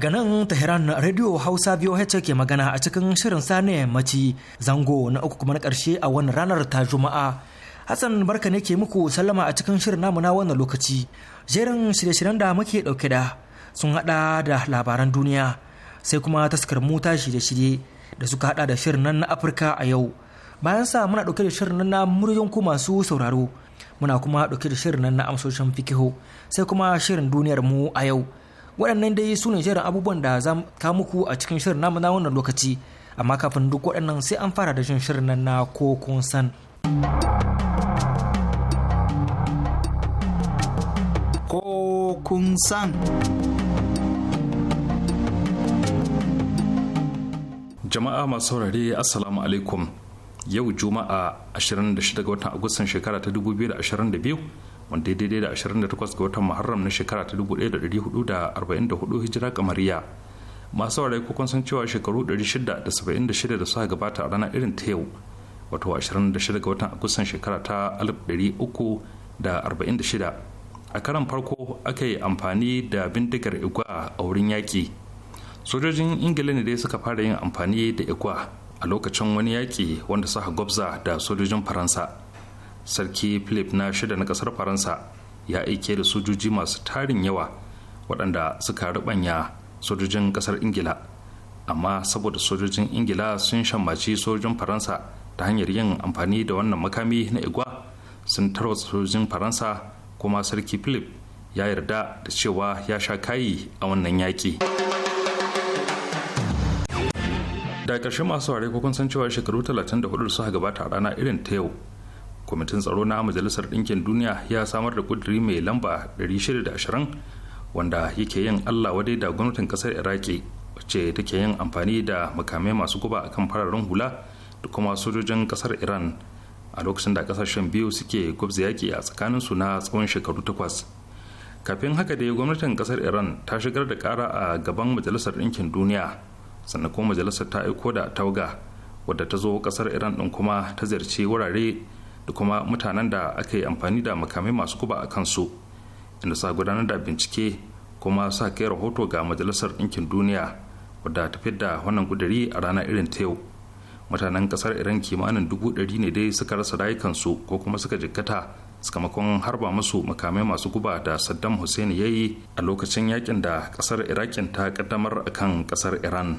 Daga nan Tehran Radio Hausa VOH ke magana a cikin shirin sane mace zango na uku kuma na karshe a wannan ranar ta Juma'a. Hassan barka ne ke muku sallama a cikin shirin namu na wannan lokaci. Jerin shirye-shiryen da muke dauke da sun hada da labaran duniya sai kuma taskar mota shirye-shirye da suka hada da shirin nan na Afirka a yau. Bayan sa muna dauke da shirin nan na muryoyin ku masu sauraro. Muna kuma dauke da shirin nan na amsoshin fikiho sai kuma shirin duniyar mu a yau. waɗannan dai su ne shirin abubuwan da za ka muku a cikin shirin namu na wannan lokaci amma kafin duk waɗannan sai an fara da shirin shirin nan na ko kun san ko san jama'a masu saurare assalamu alaikum yau juma'a 26 ga watan agustan shekara ta 2022 wanda daidai da 28 ga watan muharram na shekara ta 1444 hijira kamariya masu ware kukun san cewa shekaru 676 da suka gabata a rana irin ta yau wato 26 ga watan agustan shekara ta 1346 a karan farko aka yi amfani da bindigar igwa a wurin yaƙi sojojin ingila ne dai suka fara yin amfani da igwa a lokacin wani yaƙi wanda suka gwabza da sojojin faransa sarki philip na shida na kasar faransa ya aike da sojoji masu tarin yawa waɗanda suka rubanya sojojin kasar ingila amma saboda sojojin ingila sun shammaci sojojin faransa ta hanyar yin amfani da wannan makami na igwa sun tarwatsa sojojin faransa kuma sarki philip ya yarda da cewa ya sha kayi a wannan yaƙi. da ƙarshe masu ware kun san cewa shekaru 34 suka gabata a rana irin ta yau kwamitin tsaro na majalisar ɗinkin duniya ya samar da kuduri mai lamba 620 wanda yake yin allah wadai da gwamnatin ƙasar iraki wacce take yin amfani da makamai masu guba akan fararen hula da kuma sojojin ƙasar iran a lokacin da kasashen biyu suke gwabza yaƙi a tsakanin su na tsawon shekaru takwas kafin haka dai gwamnatin ƙasar iran ta shigar da kara a gaban majalisar ɗinkin duniya sannan kuma majalisar ta aiko da tauga wadda ta zo ƙasar iran ɗin kuma ta ziyarci wurare da kuma mutanen da aka yi amfani da makamai masu guba a kansu inda sa gudanar da bincike kuma sa kai rahoto ga majalisar ɗinkin duniya wadda ta da wannan gudari a rana irin ta yau mutanen ƙasar iran kimanin dubu ɗari ne dai suka rasa rayukansu ko kuma suka jikkata sakamakon harba musu makamai masu guba da saddam hussein ya yi a lokacin yakin da ƙasar irakin ta ƙaddamar akan ƙasar iran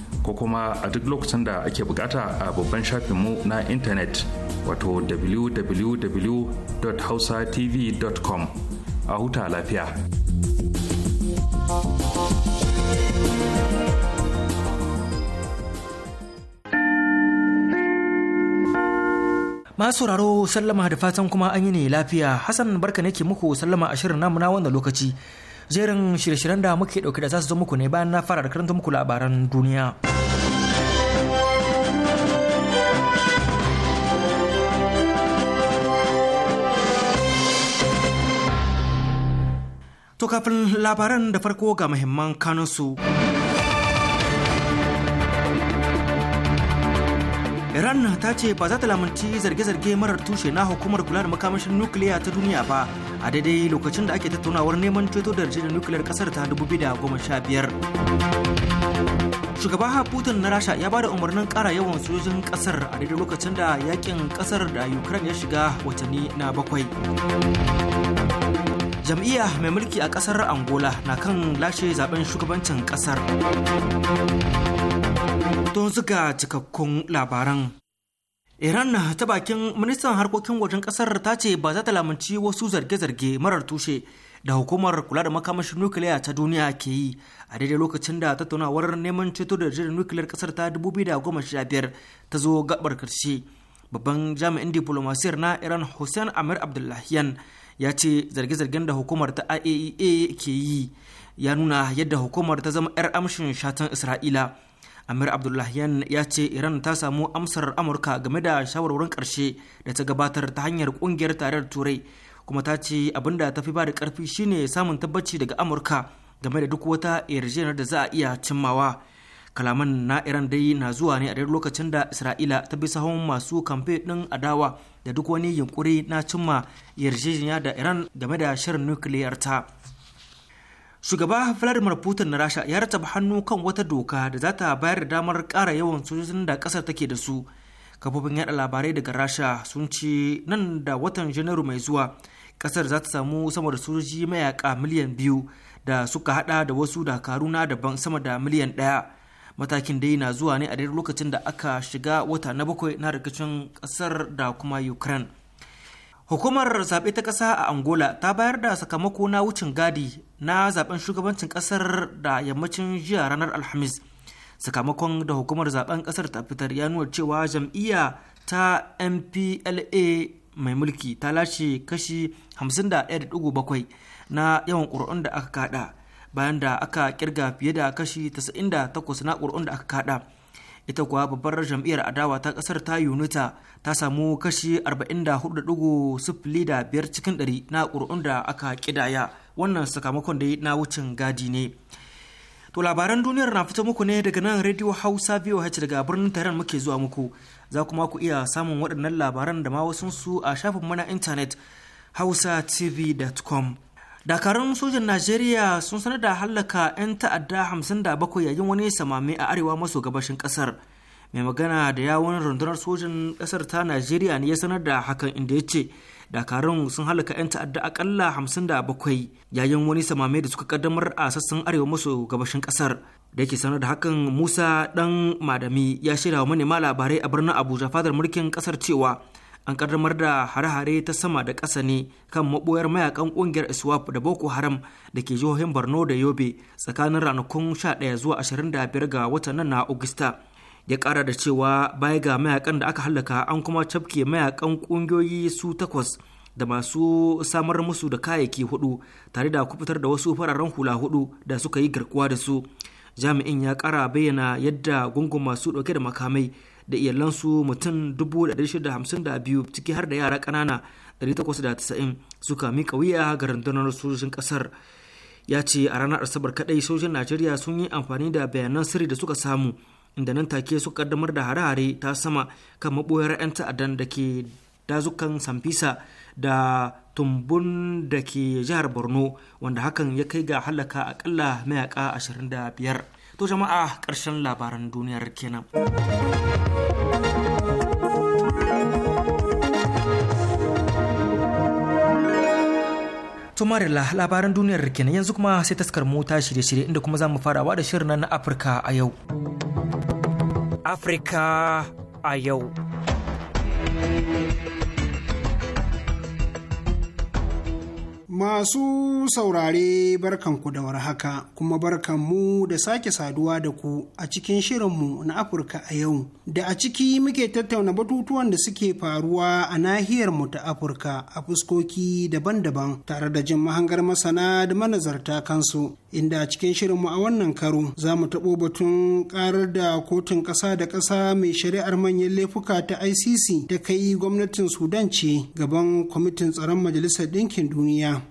ko kuma a duk lokacin da ake bukata a babban shafinmu na intanet wato www.hausatv.com a huta lafiya. Masu sauraro sallama da fatan kuma an yi ne lafiya Hassan barka ne ke muku sallama ashirin shirin namu na wannan lokaci. jerin shirye-shiryen da muke dauke da za su zo muku ne bayan na fara da karanta muku labaran duniya To kafin labaran da farko ga muhimman kanunsu. Iran ta ce ba za ta lamunci zarge-zarge marar tushe na hukumar kula da makamashin nukiliya ta duniya ba a daidai lokacin da ake tattaunawar neman ceto da yarjejeniyar nukiliyar kasar ta 2015. Shugaba Putin na Rasha ya bada umarnin kara yawan sojojin kasar a daidai lokacin da yakin kasar da Ukraine ya shiga watanni na bakwai. Jam'iyya mai mulki a kasar Angola na kan lashe zaben shugabancin kasar. don zuga cikakkun labaran. Iran ta bakin ministan harkokin wajen kasar ta ce ba za ta lamunci wasu zarge-zarge marar tushe da hukumar kula da makamashin nukiliya ta duniya ke yi a daidai lokacin da tattaunawar neman ceto da jirgin nukiliyar kasar ta 2015 ta zo gabar karshe babban jami'in diplomasiyar na iran hussein amir abdullahiyan ya ce zarge-zargen da hukumar ta iaea e ke yi ya nuna yadda hukumar ta zama 'yar amshin shatan isra'ila amir abdullahiyan ya ce iran ta samu amsar amurka game da shawarwarin karshe da ta gabatar ta hanyar kungiyar tarayyar turai kuma ta ce abinda ta fi ba da karfi shine samun tabbaci daga amurka game da duk wata yarjejeniyar da za a iya cimmawa kalaman na iran dai na zuwa ne a daidai lokacin da isra'ila ta bi sahun masu kamfe din adawa da duk wani yunkuri na cimma yarjejeniya da iran game da shirin nukiliyar ta shugaba vladimir putin na rasha ya rataba hannu kan wata doka da za ta bayar da damar kara yawan sojojin da ƙasar take da su kafofin yaɗa labarai daga rasha sun ce nan da watan janairu mai zuwa ƙasar za ta samu sama da sojoji mayaka miliyan biyu da suka hada da wasu dakaru na daban sama da miliyan ɗaya matakin dai na zuwa ne a daidai lokacin da aka shiga wata na bakwai na rikicin ƙasar da kuma ukraine Hukumar zaɓe ta ƙasa a Angola ta bayar da sakamako na wucin gadi na zaɓen shugabancin ƙasar da yammacin jiya ranar Alhamis. Sakamakon da hukumar zaɓen ƙasar ta fitar ya nuna cewa jam'iyya ta MPLA mai mulki ta lashe kashi 51.7 na yawan ƙuri'un da aka kaɗa bayan da aka kirga fiye da kashi 98 na ƙuri'un da aka kaɗa. ita kuwa babbar jam'iyyar adawa ta kasar ta unita ta samu kashi biyar cikin ɗari na ƙuri'un da aka kidaya wannan sakamakon da na wucin gadi ne to labaran duniyar na fito muku ne daga nan radio hausa voh daga birnin taron muke zuwa muku za kuma ku iya samun waɗannan labaran da ma wasu su a shafin na intanet hausatv.com dakarun sojan najeriya sun sanar da hallaka 'yan ta'adda 57 yayin wani samame a arewa maso gabashin kasar mai magana da yawon rundunar sojan kasar ta najeriya ne ya sanar da hakan inda ya ce dakarun sun hallaka 'yan ta'adda akalla 57 yayin wani samame da suka kaddamar a sassan arewa maso gabashin kasar da yake sanar da hakan musa dan madami ya shirya wa manema labarai a birnin abuja fadar mulkin kasar cewa an kaddamar da hare-hare ta sama da ƙasa ne kan maɓoyar mayakan ƙungiyar iswap da boko haram da ke jihohin borno da yobe tsakanin ranakun 11 zuwa 25 ga watan nan na augusta ya ƙara da cewa baya ga mayakan da aka hallaka an kuma cafke mayakan ƙungiyoyi su takwas da masu samar musu da kayayyaki hudu tare da kubutar da wasu fararen hula hudu da suka yi garkuwa da su jami'in ya ƙara bayyana yadda gungun masu ɗauke da makamai da iyalansu mutum 652 ciki har da yara ƙanana 890 suka miƙa wuya ga rundunar sojojin kasar ya ce a ranar asabar kadai sojin najeriya sun yi amfani da bayanan sirri da suka samu inda nan take suka kaddamar da hare-hare ta sama kan maboyar 'yan ta'addan da ke dazukan sampisa da tumbun da ke jihar borno wanda hakan ya kai ga halaka akalla mayaka 25 To jama'a ƙarshen labaran duniyar kenan. la labaran duniyar kenan yanzu kuma sai taskar mota shirye-shirye inda kuma za mu farawa da shirin na Afirka a yau. Afirka a yau. Masu saurare barkanku da warhaka kuma barkanmu da sake saduwa da ku a cikin shirinmu na Afirka a yau. Da a ciki muke tattauna batutuwan da suke faruwa a nahiyar mu ta Afirka a fuskoki daban-daban tare da jin mahangar masana da manazarta kansu. Inda a cikin shirinmu a wannan karo za mu taɓo batun ƙarar da kotun ƙasa da ƙasa mai shari'ar manyan laifuka ta ICC ta kai gwamnatin Sudan ce gaban kwamitin tsaron Majalisar Ɗinkin Duniya.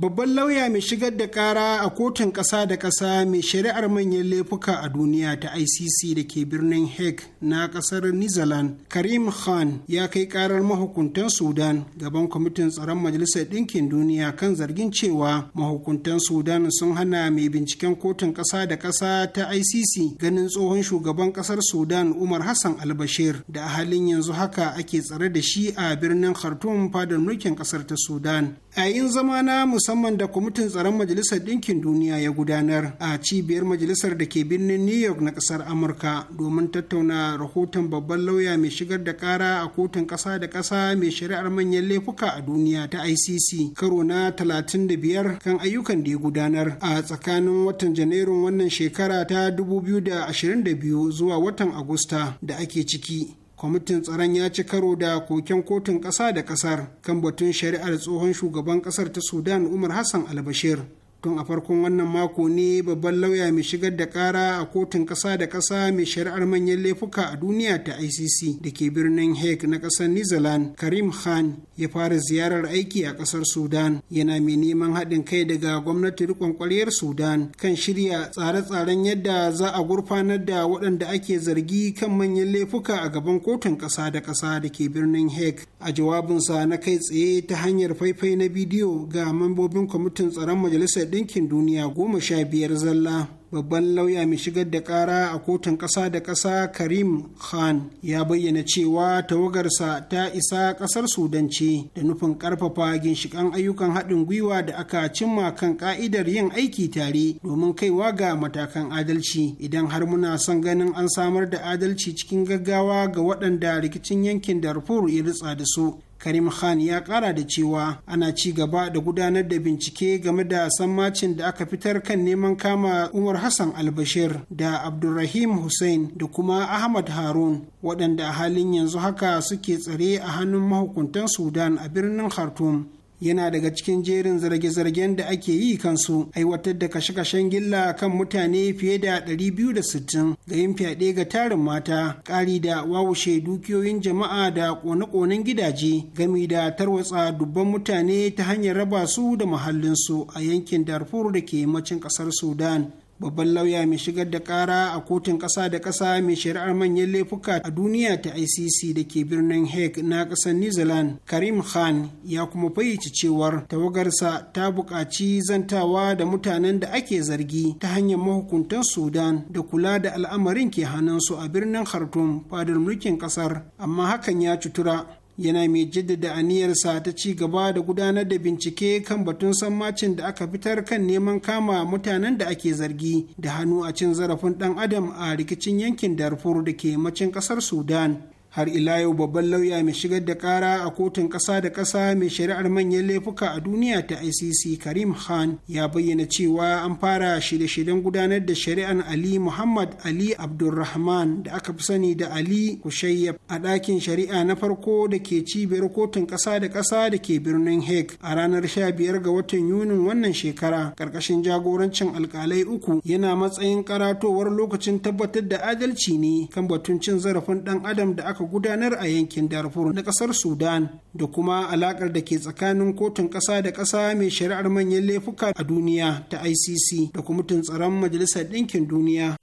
babban lauya mai shigar da kara a kotun ƙasa da ƙasa mai shari'ar manyan laifuka a duniya ta icc da ke birnin hague na ƙasar new zealand karim khan ya kai karar mahukuntan sudan gaban kwamitin tsaron majalisar ɗinkin duniya kan zargin cewa mahukuntan sudan sun hana mai binciken kotun ƙasa da ƙasa ta icc ganin tsohon shugaban ƙasar sudan umar hassan albashir da a halin yanzu haka ake tsare da shi a birnin khartoum fadar mulkin ƙasar ta sudan yayin zama na musamman da kwamitin tsaron majalisar ɗinkin duniya ya gudanar a cibiyar majalisar da ke birnin new york na ƙasar amurka domin tattauna rahoton babban lauya mai shigar da ƙara a kotun ƙasa da ƙasa mai shari'ar manyan laifuka a duniya ta icc karo na 35 kan ayyukan da ya gudanar a tsakanin watan janairun wannan shekara ta 2022 zuwa watan agusta da ake ciki kwamitin tsaron ya ci karo da koken kotun ƙasa da ƙasar kan batun shari'ar tsohon shugaban ƙasar ta sudan umar hassan albashir tun a farkon wannan mako ne babban lauya mai shigar da kara a kotun ƙasa da ƙasa mai shari'ar manyan laifuka a duniya ta icc da ke birnin hague na ƙasar new zealand karim khan ya fara ziyarar aiki a ƙasar sudan yana mai neman haɗin kai daga gwamnati riƙon ƙwaryar sudan kan shirya tsare-tsaren yadda za a gurfanar da waɗanda ake zargi kan manyan laifuka a gaban kotun ƙasa da ƙasa da ke birnin hague a jawabinsa na kai tsaye ta hanyar faifai na bidiyo ga mambobin kwamitin tsaron majalisar ɗinkin duniya goma sha biyar zalla babban lauya mai shigar da kara a kotun ƙasa da ƙasa karim khan ya bayyana cewa tawagarsa ta isa ƙasar sudan ce da nufin ƙarfafa ginshikan ayyukan haɗin gwiwa da aka cimma kan ƙa'idar yin aiki tare domin kaiwa ga matakan adalci idan har muna son ganin an samar da adalci cikin gaggawa ga waɗanda rikicin yankin darfur ya ritsa da su karim khan ya kara da cewa ana ci gaba da gudanar da bincike game da sammacin da aka fitar kan neman kama umar hassan albashir da abdulrahim hussein da kuma ahmad harun waɗanda a halin yanzu haka suke tsare a hannun mahukuntan sudan a birnin khartoum yana daga cikin jerin zarge-zargen da ake yi kansu aiwatar da kashe-kashen gilla kan mutane fiye da 260 ga yin fyaɗe ga tarin mata ƙari da wawushe dukiyoyin jama'a da ƙone-ƙonen gidaje gami da tarwatsa dubban mutane ta hanyar raba su da muhallinsu a yankin darfur da ke yammacin ƙasar sudan babban lauya mai shigar da kara a kotun ƙasa da ƙasa mai shari'ar manyan laifuka a duniya ta icc da ke birnin hague na ƙasar new zealand karim khan ya kuma fayyace cewar tawagarsa ta buƙaci zantawa da mutanen da ake zargi ta hanyar mahukuntan sudan da kula da al'amarin ke hannunsu a birnin khartoum fadar mulkin ƙasar amma hakan ya cutura yana mai jaddada aniyarsa ta ci gaba da gudanar da bincike kan batun sammacin da aka fitar kan neman kama mutanen da ake zargi da hannu a cin zarafin dan adam a rikicin yankin darfur da ke macin kasar sudan har ila yau babban lauya mai shigar da kara a kotun ƙasa da ƙasa mai shari'ar manyan laifuka a duniya ta icc karim khan ya bayyana cewa an fara shirye-shiryen gudanar da shari'an ali muhammad ali abdulrahman da aka fi sani da ali kushayyab a ɗakin shari'a na farko da ke cibiyar kotun ƙasa da ƙasa da ke birnin hague a ranar sha biyar ga watan yunin wannan shekara ƙarƙashin jagorancin alƙalai uku yana matsayin karatowar lokacin tabbatar da adalci ne kan batun cin zarafin ɗan adam da aka gudanar a yankin darfur na kasar sudan da kuma alakar da ke tsakanin kotun ƙasa da ƙasa mai shari'ar manyan laifuka a duniya ta icc da kuma tsaron majalisar ɗinkin duniya.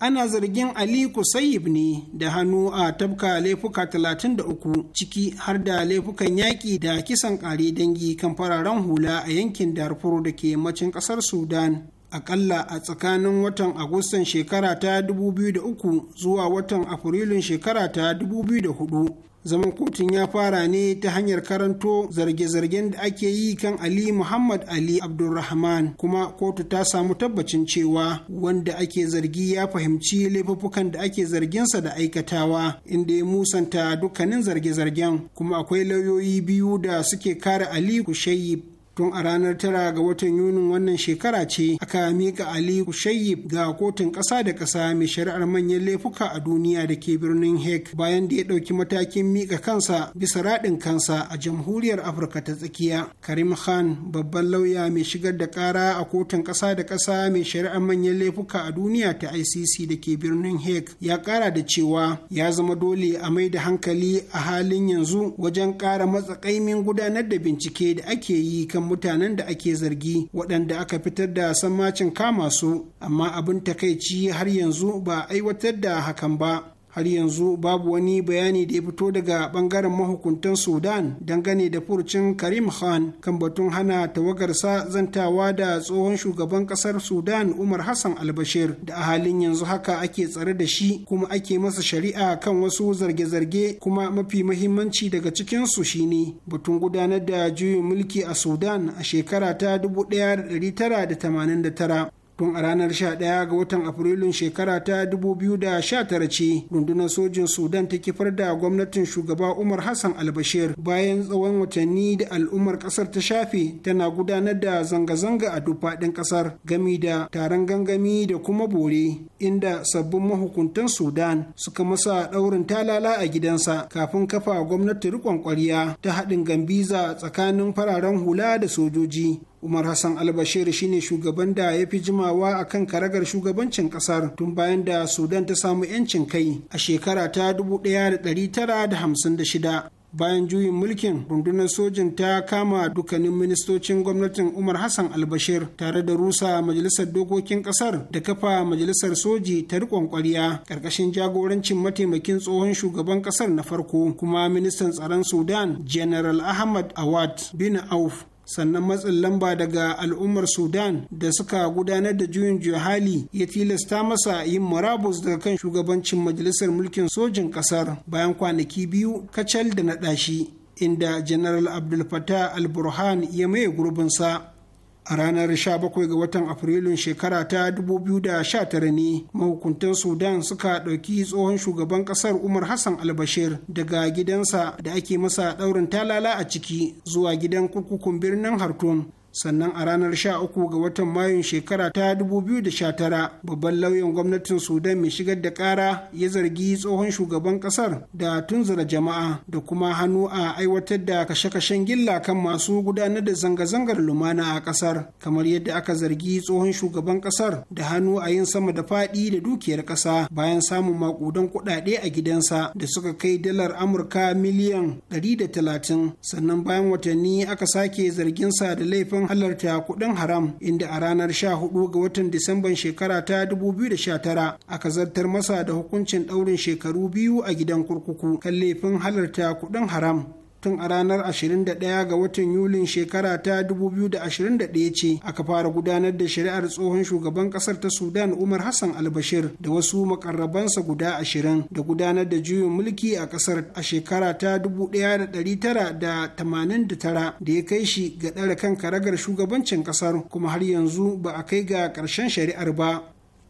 ana zargin Ali Kusayib ne da hannu a tabka laifuka 33 ciki har da laifukan yaƙi da kisan ƙari dangi kan fararen hula a yankin Darfur da ke yammacin ƙasar Sudan. Aƙalla a tsakanin watan Agustan shekara ta 2003 zuwa watan Afrilun shekara ta 2004. zaman kotun ya fara ne ta hanyar karanto zarge-zargen da ake yi kan ali muhammad ali abdulrahman kuma kotu ta samu tabbacin cewa wanda ake zargi ya fahimci laifuffukan da ake zarginsa da aikatawa inda ya musanta dukkanin zarge-zargen kuma akwai lauyoyi biyu da suke kare ali kushayi tun a ranar tara ga watan yunin wannan shekara ce aka mika ali kushayib ga kotun ƙasa da ƙasa mai shari'ar manyan laifuka a duniya da ke birnin hek bayan da ya ɗauki matakin mika kansa bisa raɗin kansa a jamhuriyar afirka ta tsakiya karim khan babban lauya mai shigar da ƙara a kotun ƙasa da ƙasa mai shari'ar manyan laifuka a duniya ta icc da ke birnin hek ya ƙara da cewa ya zama dole a mai da hankali a halin yanzu wajen ƙara matsakaimin gudanar da bincike da ake yi kan mutanen da ake zargi waɗanda aka fitar da sammacin kama su amma abin takaici har yanzu ba aiwatar da hakan ba har yanzu babu wani bayani da ya fito daga bangaren mahukuntan sudan dangane da furcin karim khan kan batun hana tawagarsa zantawa da tsohon shugaban kasar sudan umar hassan albashir da a halin yanzu haka ake tsare da shi kuma ake masa shari'a kan wasu zarge-zarge kuma mafi mahimmanci daga cikinsu shine batun gudanar da juyin mulki a sudan a shekara ta 1989 tun a ranar 11 ga watan afrilun shekara ta 2019 ce rundunar sojin sudan ta kifar da gwamnatin shugaba umar hassan albashir bayan tsawon watanni da al'ummar kasar ta shafe tana gudanar da zanga-zanga a duk faɗin kasar gami da taron gangami da kuma bore inda sabbin mahukuntan sudan suka masa ɗaurin talala a gidansa kafin kafa gwamnati riƙon ƙwarya ta haɗin gambiza tsakanin fararen hula da sojoji Umar Hassan Albashir shine shugaban da ya fi jimawa a kan karagar shugabancin kasar tun bayan da Sudan ta samu 'yancin kai a shekara ta 1956. Bayan juyin mulkin rundunar sojin ta kama dukkanin ministocin gwamnatin Umar Hassan Albashir tare da rusa majalisar dokokin kasar da kafa majalisar soji ta rikon kwariya ƙarƙashin jagorancin mataimakin tsohon shugaban kasar na farko kuma ministan tsaron Sudan General Ahmad Awad bin Auf sannan matsin lamba daga al'ummar sudan da suka gudanar da juyin juya hali ya tilasta masa yin marabus daga kan shugabancin majalisar mulkin sojin kasar bayan kwanaki biyu kacal da na ɗashi inda general abdul fatah al ya maye gurbinsa a ranar 17 ga watan afrilun shekara ta 2019 ne mahukuntan sudan suka ɗauki tsohon shugaban ƙasar umar hassan albashir daga gidansa da ake masa ɗaurin talala a ciki zuwa gidan kurkukun birnin hartum sannan a ranar 13 ga watan mayun shekara ta 2019 babban lauyan gwamnatin sudan mai shigar da kara ya zargi tsohon shugaban kasar da tunzura jama'a da kuma hannu a aiwatar da kashe-kashen gilla kan masu gudanar da zanga-zangar lumana a kasar kamar yadda aka zargi tsohon shugaban kasar da hannu a yin sama da faɗi da dukiyar ƙasa bayan samun makudan kuɗaɗe a gidansa da suka kai dalar amurka miliyan 130 sannan bayan watanni aka sake zarginsa da laifin halarta kuɗin haram inda a ranar 14 ga watan Disamban shekara ta 2019 aka zartar masa da hukuncin ɗaurin shekaru biyu a gidan kurkuku kan laifin halarta kuɗin haram. tun a ranar 21 ga watan yulin shekara ta 2021 ce aka fara gudanar da shari'ar tsohon shugaban kasar ta sudan umar hassan albashir da wasu makarrabansa guda 20 da gudanar da juyin mulki a kasar a shekara ta 1989 da ya kai shi ga ɗara kan karagar shugabancin kasar kuma har yanzu ba a kai ga ƙarshen shari'ar ba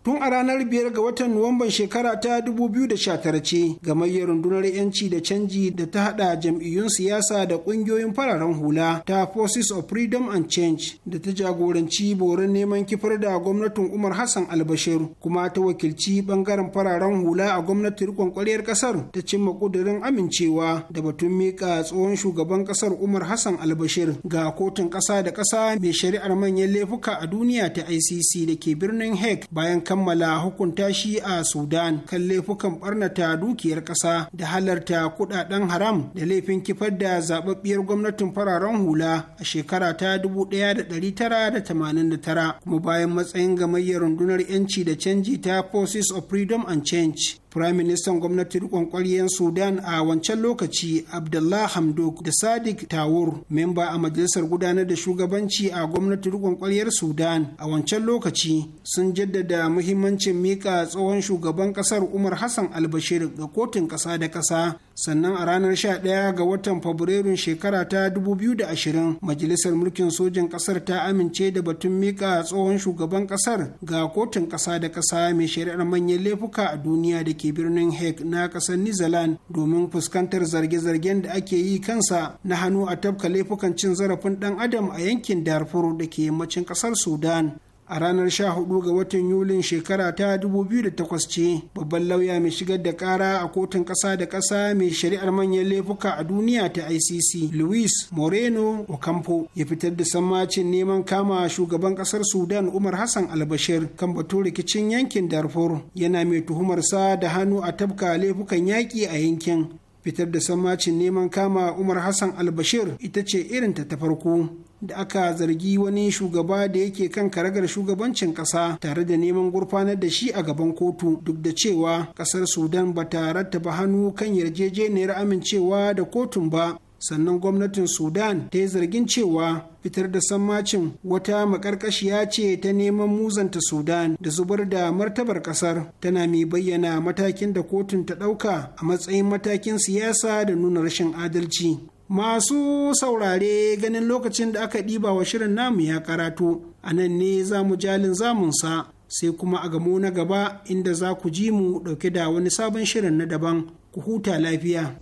tun a ranar biyar ga watan Nuwamban shekara ta 2019 ce gamayyar rundunar 'yanci da canji da ta haɗa jam'iyyun siyasa da ƙungiyoyin fararen hula ta Forces of Freedom and Change da ta jagoranci borin neman kifar da gwamnatin Umar Hassan Albashir kuma ta wakilci bangaren fararen hula a gwamnatin rikon ƙwaryar ƙasar ta cimma ƙudurin amincewa da batun mika tsohon shugaban ƙasar Umar Hassan Albashir ga kotun ƙasa da ƙasa mai shari'ar manyan laifuka a duniya ta ICC da ke birnin Hague bayan kama kammala hukunta shi a Sudan kan laifukan barnata dukiyar kasa da halarta kudaden haram da laifin kifar da zababbiyar gwamnatin fararen hula a shekara ta 1989 kuma bayan matsayin gamayyar rundunar 'yanci da canji ta Forces of Freedom and Change Firaministan gwamnati rikon ƙwaryen Sudan a wancan lokaci Abdullah Hamdok da Sadiq Tawur, memba a majalisar gudanar da shugabanci a gwamnati rikon ƙwaryar Sudan a wancan lokaci sun jaddada muhimmancin mika tsohon shugaban ƙasar Umar Hassan Albashir ga kotun ƙasa da ƙasa sannan a ranar 11 ga watan fabrairun shekara ta 2020 majalisar mulkin sojin kasar ta amince da batun mika tsohon shugaban kasar ga kotun kasa da kasa mai shari'ar manyan laifuka a duniya da ke birnin hague na kasar netherland domin fuskantar zarge-zargen da ake yi kansa na hannu a tafka laifukan cin zarafin dan adam a yankin darfur da ke yammacin kasar sudan a ranar 14 ga watan yulin shekara ta 2008 ce babban lauya mai shigar da kara a kotun ƙasa da ƙasa mai shari'ar manyan laifuka a duniya ta icc luis moreno ocampo ya fitar da sammacin neman kama shugaban ƙasar sudan umar hassan albashir kan batun rikicin yankin darfur yana mai tuhumarsa da hannu a tabka laifukan yaƙi a yankin fitar da sammacin neman kama umar hassan albashir ita ce irinta ta farko da aka zargi wani shugaba da yake kan karagar shugabancin ƙasa tare da neman gurfanar da shi a gaban kotu duk da cewa ƙasar sudan ba ta rattaba hannu kan yarjejeniyar amincewa da kotun ba sannan gwamnatin sudan ta yi zargin cewa fitar da sammacin wata makarkashiya ce ta neman muzanta sudan da zubar da martabar kasar tana mai bayyana matakin da kotun ta ɗauka a matsayin matakin siyasa da nuna rashin adalci Masu saurare ganin lokacin da aka ɗiba wa shirin namu ya karatu, a nan ne za mu jalin zamunsa sai kuma a gamo na gaba inda za ku ji mu ɗauke da wani sabon shirin na daban ku huta lafiya.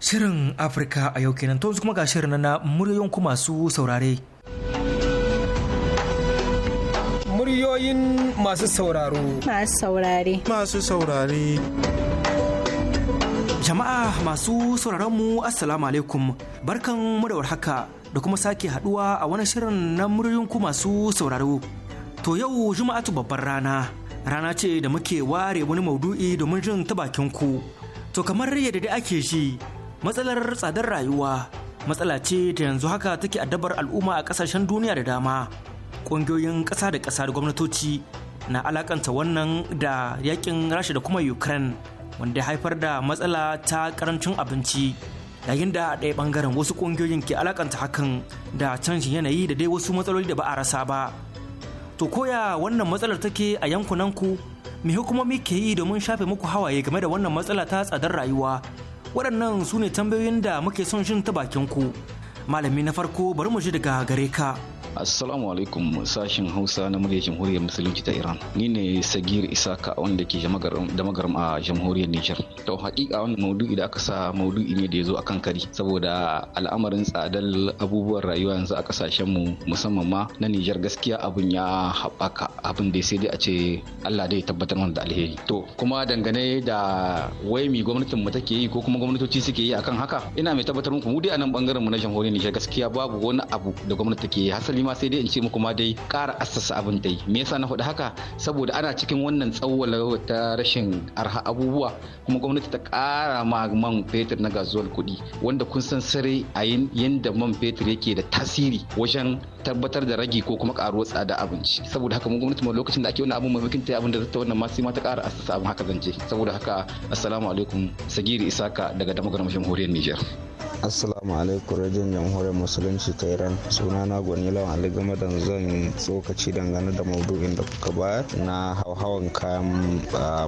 Shirin Afirka a yau kenan to kuma ga shirin na muryoyin ku masu saurare. Muryoyin masu sauraro. Masu saurare. Masu saurare. Jama'a masu sauraron mu Assalamu alaikum barkan mu haka, da kuma sake haduwa a wani shirin na muryunku masu sauraro. To yau Juma'atu babbar rana, rana ce da muke ware wani maudu'i domin jin ta bakin ku. To kamar yadda da ake shi, matsalar tsadar rayuwa matsala ce da yanzu haka take addabar al'umma a kasashen duniya da dama. Ƙungiyoyin ƙasa da ƙasa da gwamnatoci na alakanta wannan da yakin Rasha da kuma Ukraine wanda ya haifar da matsala ta karancin abinci yayin da a ɗaya ɓangaren wasu ƙungiyoyin ke alakanta hakan da canjin yanayi da dai wasu matsaloli da ba a rasa ba to koya wannan matsalar take a yankunan ku me hukumomi ke yi domin shafe muku hawaye game da wannan matsala ta tsadar rayuwa waɗannan su ne tambayoyin da muke son shin ta bakin ku malami na farko bari mu ji daga gare ka Assalamu alaikum sashin Hausa na muryar Jamhuriyar Musulunci ta Iran. Ni ne Sagir Isaka wanda ke da magaram a Jamhuriyar Nijar. To hakika wannan maudu'i da aka sa maudu'i ne da ya zo akan kari saboda al'amarin tsadar abubuwan rayuwa yanzu a kasashen mu musamman ma na Nijar gaskiya abun ya haɓaka abin da sai dai a ce Allah dai tabbatar mana da alheri. To kuma dangane da wai mi gwamnatin mu take yi ko kuma gwamnatoci suke yi akan haka ina mai tabbatar muku mu dai a nan bangaren mu na Jamhuriyar Nijar gaskiya babu wani abu da gwamnati take yi hasali ni ma sai dai in ce muku ma dai ƙara assasa abin dai me yasa na faɗi haka saboda ana cikin wannan tsawon ta rashin arha abubuwa kuma gwamnati ta ƙara ma man fetur na gazuwar kuɗi wanda kun san sare a yanda man fetur yake da tasiri wajen tabbatar da ragi ko kuma karuwar tsada abinci saboda haka mun gwamnati mu lokacin da ake wannan abu mai ta abin abinda ta wannan ma sai ma ta a asasa abin haka zance saboda haka assalamu alaikum sagiri isaka daga damagaram jamhuriyar Nijar. Assalamu alaikum rajin jamhuriyar musulunci ta Iran sunana gwani lawan Ali Gamadan zan tsokaci dangane da maudu'in da kuka bayar na hauhawan kayan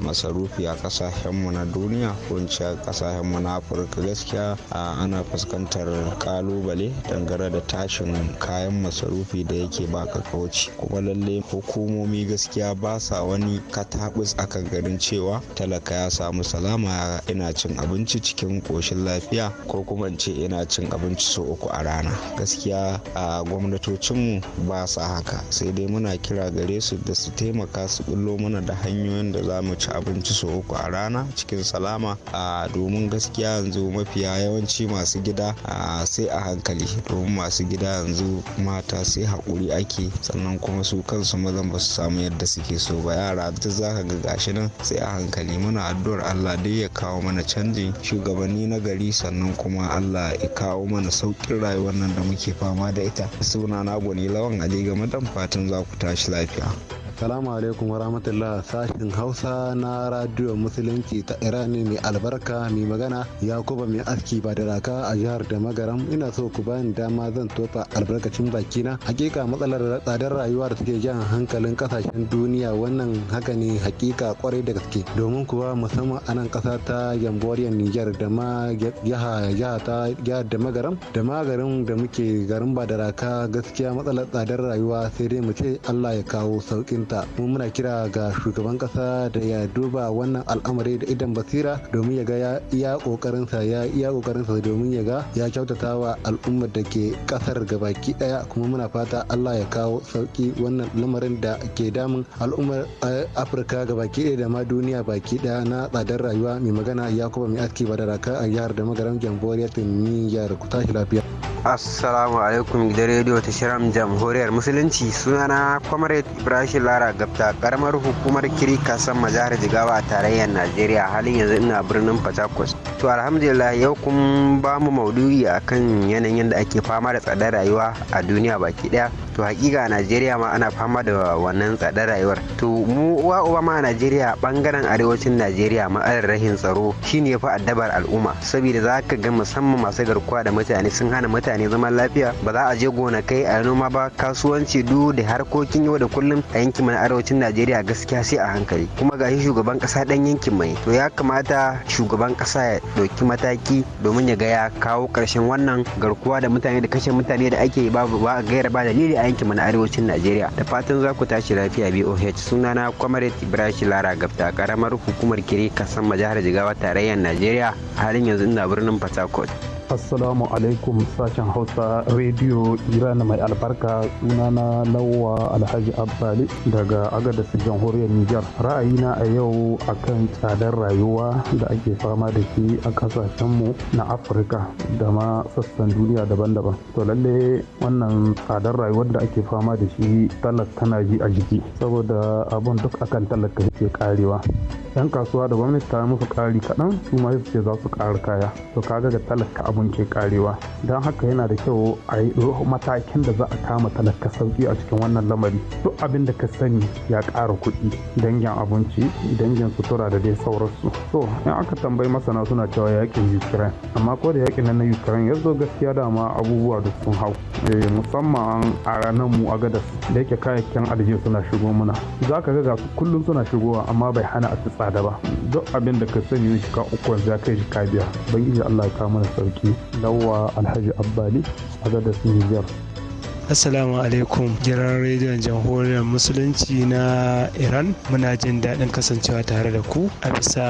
masarufi a kasashenmu na duniya ko in ce kasashenmu na Afirka gaskiya ana fuskantar kalubale dangane da tashin kayan masarufi masarufi da yake ba kakauci kuma lalle hukumomi gaskiya ba sa wani katabus akan garin cewa talaka ya samu salama ina cin abinci cikin koshin lafiya ko kuma in ce ina cin abinci sau uku a rana gaskiya a gwamnatocin ba sa haka sai dai muna kira gare su da su taimaka su bullo mana da hanyoyin da za mu ci abinci so uku a rana cikin salama a domin gaskiya yanzu mafiya yawanci masu gida sai a hankali domin masu gida yanzu mata ta sai haƙuri ake sannan kuma su kansu mazan ba su samu yadda suke so ba yara ta za ka ga gashi nan sai a hankali muna addu'ar Allah dai ya kawo mana canjin shugabanni na gari sannan kuma Allah ya kawo mana sauƙin rayuwar nan da muke fama da ita suna na gwani lawan a game da fatan za ku tashi lafiya. Assalamu alaikum wa rahmatullah sashin Hausa na Radio Musulunci ta Iran mai albarka mai magana Yakuba mai aski ba da raka a jihar da magaram ina so ku bani dama zan tofa albarkacin bakina hakika matsalar tsadar rayuwa da suke jan hankalin kasashen duniya wannan haka ne hakika kwarai da gaske domin kuwa musamman a nan kasa ta jamboriyar Niger da ma jaha jaha ta jihar da magaram da magarin da muke garin ba da raka gaskiya matsalar tsadar rayuwa sai dai mu ce Allah ya kawo sauƙin ta kamata mu muna kira ga shugaban kasa da ya duba wannan al'amari da idan basira domin ya ga ya iya kokarinsa ya iya sa domin ya ga ya kyautata wa al'ummar da ke kasar gabaki daya kuma muna fata Allah ya kawo sauki wannan lamarin da ke damun al'ummar eh, Afirka gabaki daya da ma duniya baki daya na tsadar rayuwa mai magana ya kuma mai aski raka a jihar da magaran jamhuriyar Niger ku tashi lafiya assalamu alaikum da radio ta shiram jamhuriyar musulunci sunana comrade Ibrahim Bukara gabta karamar hukumar kirika san majahar Jigawa a tarayyar Najeriya halin yanzu ina birnin patakos To alhamdulillah yau kun ba mu maudu'i akan yanayin da ake fama da tsadar rayuwa a duniya baki daya to hakika a najeriya ma ana fama da wannan tsadar rayuwar to mu uwa uba ma a najeriya bangaren arewacin najeriya ma'anar rahin tsaro shine ya fi addabar al'umma saboda za ka ga musamman masu garkuwa da mutane sun hana mutane zaman lafiya ba za a je gonakai a noma ba kasuwanci du da harkokin yau da kullum a yankin na arewacin najeriya gaskiya sai a hankali kuma ga shi shugaban kasa dan yankin mai to ya kamata shugaban kasa ya dauki mataki domin ya ga ya kawo karshen wannan garkuwa da mutane da kashe mutane da ake ba gaira ba dalili yankin mana arewacin Najeriya da fatan za ku tashi lafiya BOH sunana Comrade Ibrahim Lara Gafta karamar hukumar kire kasan jihar Jigawa tarayyar Najeriya halin yanzu ina birnin Port Harcourt. assalamu alaikum sashen hausa rediyo iran mai albarka sunana lawa alhaji abdali daga agadas jamhuriyar nijar ra'ayina a yau akan tsadar rayuwa da ake fama da shi a kasashenmu na afirka da ma sassan duniya daban-daban to lalle wannan tsadar rayuwar da ake fama da shi talas tana ji a jiki saboda abun duk akan talaka yake karewa yan kasuwa da gwamnati ta musu kari kaɗan su ma ce za su ƙara kaya to kaga ga talaka abun abin ke karewa don haka yana da kyau a yi matakin da za a kama talaka sauki a cikin wannan lamari duk abin da ka sani ya kara kuɗi dangin abinci dangin sutura da dai sauransu to in aka tambayi masana suna cewa yakin ukraine amma ko da yakin na ukraine ya zo gaskiya dama abubuwa da sun hau eh, musamman a ranar mu a gadas da yake kayayyakin aljihu suna shigo mana za ka ga su kullum suna shigowa amma bai hana a tsada ba duk abin da ka sani shika uku za ka yi shika biyar iya allah ya kawo mana sauki lawa alhaji abbali a gadar nijar Assalamu alaikum giran rediyon jamhuriyar musulunci na Iran muna jin daɗin kasancewa tare da ku a bisa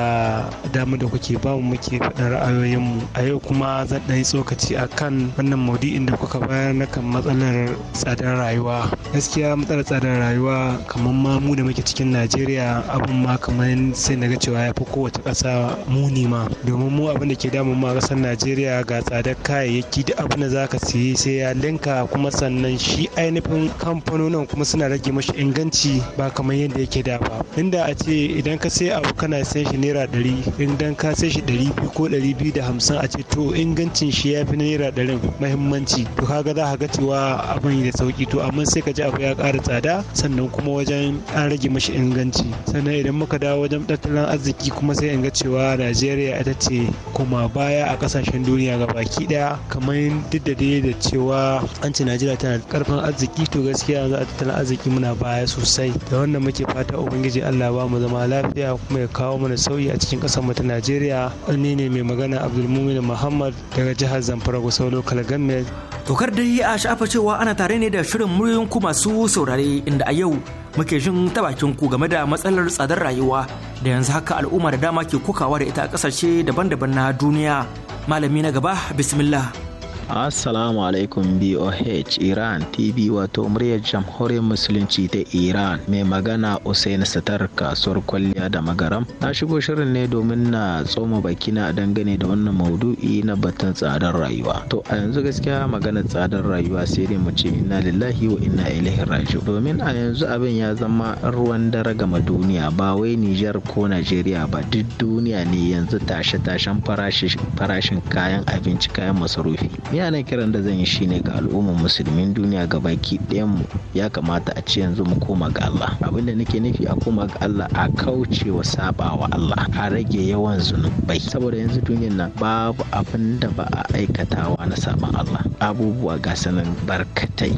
damu da kuke ba mu muke faɗin ra'ayoyinmu a yau kuma zan ɗan yi tsokaci a kan wannan maudu'in da kuka bayar na kan matsalar tsadar rayuwa gaskiya matsalar tsadar rayuwa kamar ma mu da muke cikin Najeriya abin ma kamar sai na ga cewa ya fi kowace ƙasa muni ma domin mu abin da ke damun ma ƙasar Najeriya ga tsadar kayayyaki duk abin da za ka siye sai ya linka kuma sannan sannan shi ainihin kamfanonin kuma suna rage mashi inganci ba kamar yadda yake da ba inda a ce idan ka sai abu kana sai shi naira ɗari idan ka sai shi ɗari biyu ko ɗari biyu da hamsin a ce to ingancin shi ya fi naira dari mahimmanci to kaga za ka ga cewa abin da sauki to amma sai ka ji abu ya ƙara tsada sannan kuma wajen an rage mashi inganci sannan idan muka dawo wajen tattalin arziki kuma sai in ga cewa najeriya ita ce kuma baya a ƙasashen duniya ga baki ɗaya kamar duk da dai da cewa an ce najeriya tana karfin arziki to gaskiya za a tattalin arziki muna baya sosai da wannan muke fata ubangiji Allah ba mu zama lafiya kuma ya kawo mana sauyi a cikin kasar mu ta Najeriya ni ne mai magana Abdulmumin Muhammad daga jihar Zamfara gusa Local Government tokar dai a shafa cewa ana tare ne da shirin muryoyin ku masu saurare inda a yau muke jin ta bakin ku game da matsalar tsadar rayuwa da yanzu haka al'umma da dama ke kokawa da ita a ƙasashe daban-daban na duniya malami na gaba bismillah Assalamu alaikum BOH Iran TV wato muryar jamhuriyar musulunci ta Iran mai magana Usain Satar kasuwar kwalliya da magaram. Na shigo shirin ne domin na tsoma na dangane da wannan maudu'i na batun tsadar rayuwa. To a yanzu gaskiya magana tsadar rayuwa sai dai mu ce inna lillahi wa inna ilaihi raji'un. Domin a yanzu abin ya zama ruwan dare gama duniya ba wai Nijar ko Najeriya ba duk duniya ne yanzu tashe-tashen farashin kayan abinci kayan masarufi. ni kiran da zan yi shine ga al'ummar musulmin duniya ga baki ɗayan mu ya kamata a ce yanzu mu koma ga Allah abinda nake nufi a koma ga Allah a kauce wa saba Allah a rage yawan zunubai saboda yanzu duniyar nan babu abin da ba a aikatawa na saban Allah abubuwa ga sanin barkatai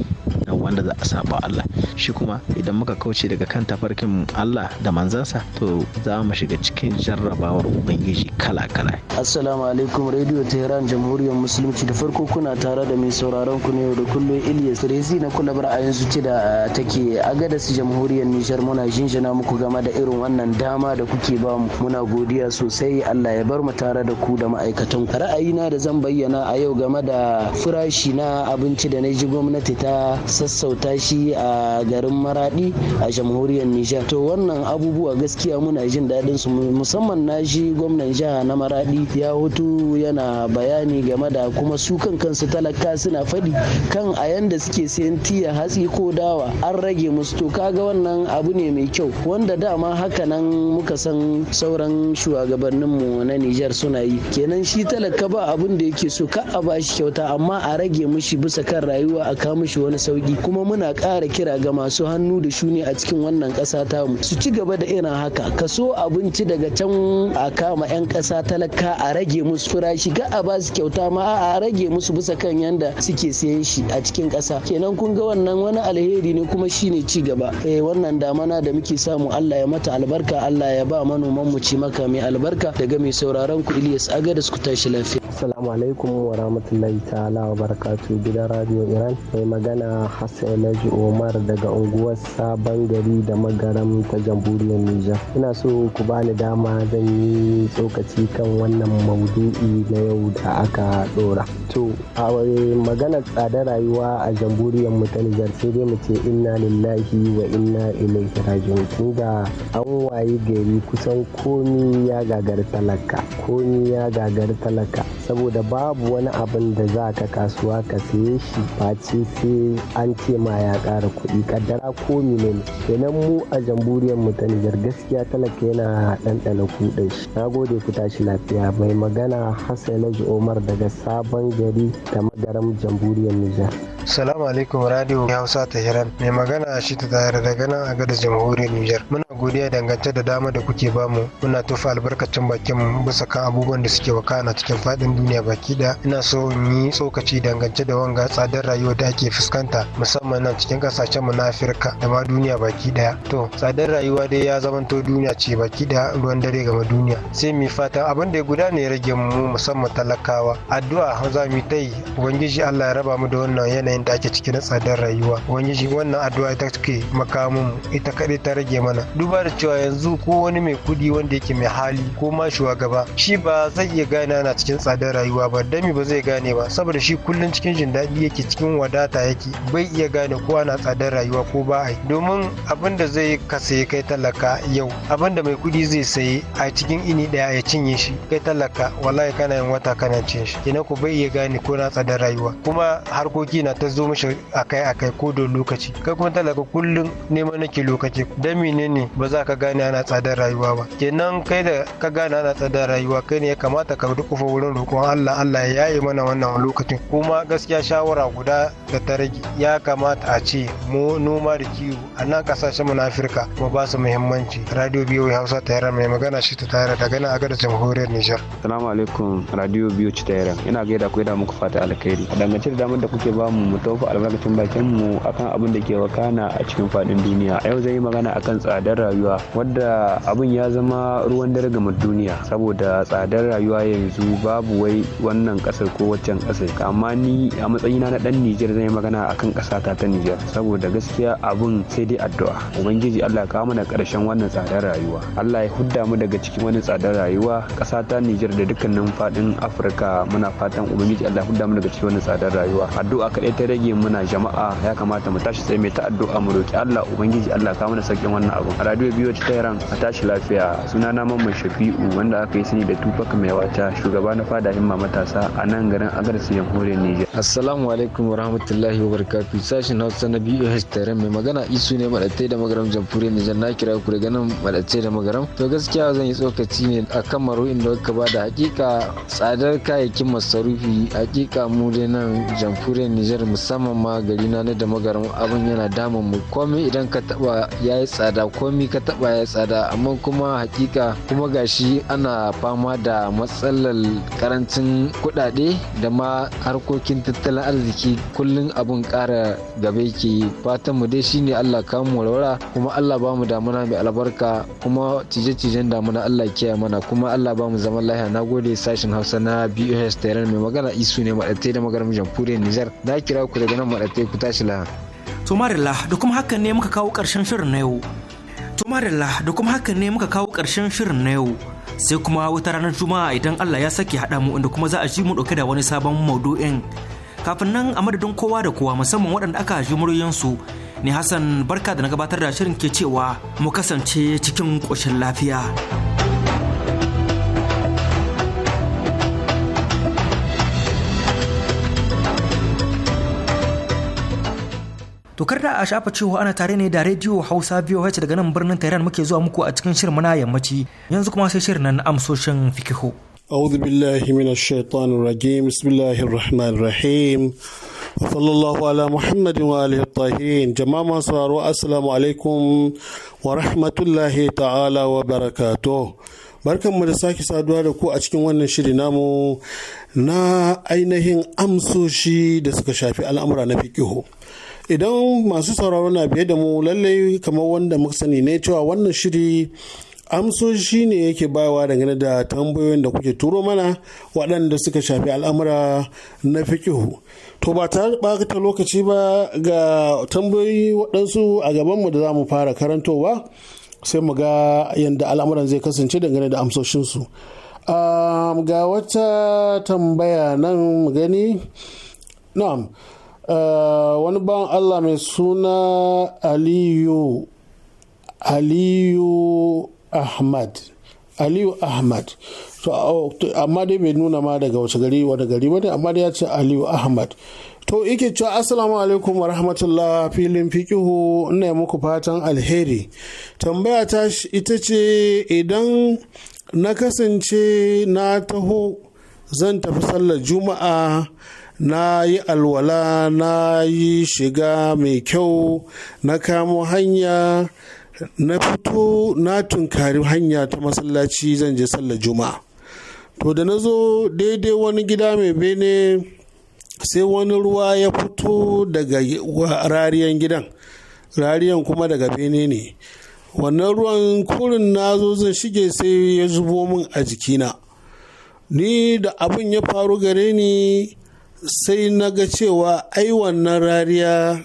wanda za a saba Allah shi kuma idan muka kauce daga kan tafarkin Allah da manzansa to za mu shiga cikin jarrabawar ubangiji kala kala assalamu alaikum radio tehran jamhuriyar musulunci da farko kuna tare da mai sauraron ku ne da kullum Ilyas Rezi na kula ra'ayin su ce da take agadas jamhuriyar Nijar muna jinjina muku game da irin wannan dama da kuke ba mu muna godiya sosai Allah ya bar mu tare da ku da ma'aikatan ra'ayina da zan bayyana a yau game da farashi na abinci da na ji gwamnati ta sassa sassauta shi a garin maradi a jamhuriyar nijar to wannan abubuwa gaskiya muna jin daɗin su musamman na shi gwamnan jiha na maradi ya hutu yana bayani game da kuma su kan kansu talaka suna faɗi kan a yanda suke sayan tiya hatsi ko dawa an rage musu to kaga wannan abu ne mai kyau wanda dama haka nan muka san sauran shugabanninmu na nijar suna yi kenan shi talaka ba abun da yake so ka a bashi kyauta amma a rage mishi bisa kan rayuwa a kawo mishi wani sauki kuma muna ƙara kira ga masu hannu da shuni a cikin wannan ƙasa ta mu su ci gaba da irin haka kaso abinci daga can a kama 'yan ƙasa talaka a rage musu furashi ga a basu kyauta ma a rage musu bisa kan yanda suke sayan shi a cikin ƙasa kenan kun ga wannan wani alheri ne kuma shine ci gaba eh wannan damana da muke samu Allah ya mata albarka Allah ya ba manoman mu ci maka mai albarka daga mai sauraron ku Ilyas Agadas ku tashi lafiya assalamu alaikum wa rahmatullahi ta'ala wa barakatuh gidan radio Iran mai magana Hassan Elaji Omar daga unguwar Sabon Gari da Magaram ta Jamhuriyar Nijar. Ina so ku bani dama zan yi tsokaci kan wannan maudu'i na yau da aka dora. To, a maganar tsada rayuwa a jamhuriyar mu ta Nijar sai dai mu ce inna lillahi wa inna ilaihi raji'un. da an wayi gari kusan komi ya gagari talaka. Komi ya gagari talaka. saboda babu wani abin da za ka kasuwa ka saye shi face sai an ce ma ya kara kuɗi kaddara ko mene kenan mu a jamhuriyar mu ta Nijar gaskiya talaka yana ɗanɗana kuɗin shi na gode ku tashi lafiya mai magana Hassan Omar daga sabon gari da madaram jamhuriyar Nijar. Salamu alaikum radio Hausa hiran Mai magana shi ta tare daga nan a gada jamhuriyar Nijar. Muna godiya dangance da dama da kuke bamu. Muna tufa albarkacin bakin mu bisa kan abubuwan da suke wakana cikin fadin duniya baki da ina so in yi tsokaci dangance da wanga tsadar rayuwa da ake fuskanta musamman nan cikin kasashen mu na Afirka da ma duniya baki daya. To tsadar rayuwa dai ya zamanto duniya ce baki da ruwan dare game duniya. Sai mu fata abin da ya guda ne ya rage mu musamman talakawa. Addu'a za mu yi ta yi. Ubangiji Allah ya raba mu da wannan yanayin yanayin da ake ciki na tsadar rayuwa shi wannan addu'a ita take makamin ita kaɗai ta rage mana duba da cewa yanzu ko wani mai kuɗi wanda yake mai hali ko ma shugaba shi ba zai iya gane ana cikin tsadar rayuwa ba dami ba zai gane ba saboda shi kullum cikin jin daɗi yake cikin wadata yake bai iya gane ko ana tsadar rayuwa ko ba a domin abin da zai ka saye kai talaka yau abin da mai kuɗi zai sayi a cikin ini ɗaya ya cinye shi kai talaka wallahi kana yin wata kana cin shi kenan ko bai iya gane ko na tsadar rayuwa kuma harkoki na ta ta zo mishi akai akai ko da lokaci kai kuma talaka kullum neman nake lokaci da menene ba za ka gane ana tsadar rayuwa ba kenan kai da ka gane ana tsadar rayuwa kai ne ya kamata ka fa wurin roƙon Allah Allah ya yi mana wannan lokacin kuma gaskiya shawara guda da ta rage ya kamata a ce mu noma da kiwo a nan kasashen mu na Afirka mu ba su muhimmanci radio biyu Hausa ta yara mai magana shi ta tare daga nan a gadar jamhuriyar Nijar assalamu alaikum radio biyu ta yara ina gaida ku da muku fata alkhairi a dangance da damar da kuke ba mu. mu tofa albarkacin bakin mu akan abin da ke wakana a cikin fadin duniya a yau zai yi magana akan tsadar rayuwa wadda abin ya zama ruwan dare ga duniya saboda tsadar rayuwa yanzu babu wai wannan kasar ko waccan kasar amma ni a matsayina na dan Nijar zan yi magana akan kasa ta ta Nijar saboda gaskiya abin sai dai addu'a ubangiji Allah ka mana karshen wannan tsadar rayuwa Allah ya hudda mu daga cikin wani tsadar rayuwa kasa ta Nijar da dukkanin fadin Afirka muna fatan ubangiji Allah ya hudda mu daga cikin wannan tsadar rayuwa addu'a kaɗai ta rage muna jama'a ya kamata mu tashi sai mai ta addu'a mu roki Allah ubangiji Allah ka mana sauƙin wannan abu a radio biyo ta tayaran a tashi lafiya suna na Mamman Shafi'u wanda aka yi sani da tufak mai wata shugaba na fada himma matasa a nan garin su jamhuriyar Niger assalamu alaikum warahmatullahi wabarakatuh sashin Hausa na BOH Tehran mai magana isu ne madatai da magaram jamhuriyar Niger na kira ku daga nan madatai da magaram to gaskiya zan yi tsokaci ne akan maru'in da ba bada hakika tsadar kayayyakin masarufi hakika mu dai nan jamhuriyar Niger musamman ma gari na da magarin abin yana damun mu komai idan ka taba yayi tsada komai ka taba yayi tsada amma kuma hakika kuma gashi ana fama da matsalar karancin kudade da ma harkokin tattalin arziki kullum abun kara gaba yake fatan mu dai shine Allah mu warwara kuma Allah bamu damuna mai albarka kuma cije-cijen damuna Allah kiyaye mana kuma Allah bamu zaman lafiya nagode sashin Hausa na BOS tare mai magana isu ne madatai da magaram jamhuriyar Nijar kira ku daga nan ku tashi la. to da kuma hakan ne muka kawo ƙarshen shirin na yau to da kuma hakan ne muka kawo ƙarshen shirin na yau sai kuma wata ranar juma'a idan allah ya sake haɗa mu inda kuma za a ji mu ɗauke da wani sabon maudu'in kafin nan a madadin kowa da kowa musamman waɗanda aka ji muryoyinsu ne hassan barka da na gabatar da shirin ke cewa mu kasance cikin ƙoshin lafiya. To da a shafa cewa ana tare ne da radio Hausa VOH daga nan birnin Tehran muke zuwa muku a cikin shirin na yammaci yanzu kuma sai shirin nan amsoshin fikihu. أعوذ بالله من الشيطان الرجيم بسم الله الرحمن الرحيم وصلى الله على محمد وآله الطاهرين جماعة صاروا السلام عليكم ورحمة الله تعالى وبركاته mu da sake saduwa da ku a cikin wannan shiri namu na ainihin amsoshi da suka shafi al'amura na fikihu. idan masu sauraro na biye da mu lallai kamar wanda muka sani ne cewa wannan shiri amsoshi ne yake bayawa dangane da tambayoyin da kuke turo mana waɗanda suka shafi al'amura na fikihu to ba ta ɓata lokaci ba ga tambayoyi waɗansu a gabanmu da za mu fara karantowa sai mu ga yadda al'amuran zai kasance dangane da amsoshinsu ga wata tambaya nan gani na'am Eh, wani ban allah mai suna aliyu aliyu ahmad aliyu ahmad oh, to amma dai bai nuna ma daga wace gari wani gari wani amma dai ya ce aliyu ahmad to ike cewa assalamu alaikum wa rahmatullah filin fikihu ina muku fatan alheri tambaya ta ita ce idan na kasance na taho zan tafi sallar juma'a na yi alwala na yi shiga mai kyau na kamo hanya na fito na tunkari hanya ta masallaci zan je sallar juma'a to da na zo daidai wani gida mai bene sai wani ruwa ya fito daga rariyan gidan rariyan kuma daga bene ne wannan ruwan kurin na zo zan shige sai ya zubo min a jikina ni da abin ya faru gare ni sai na ga cewa ai wannan rariya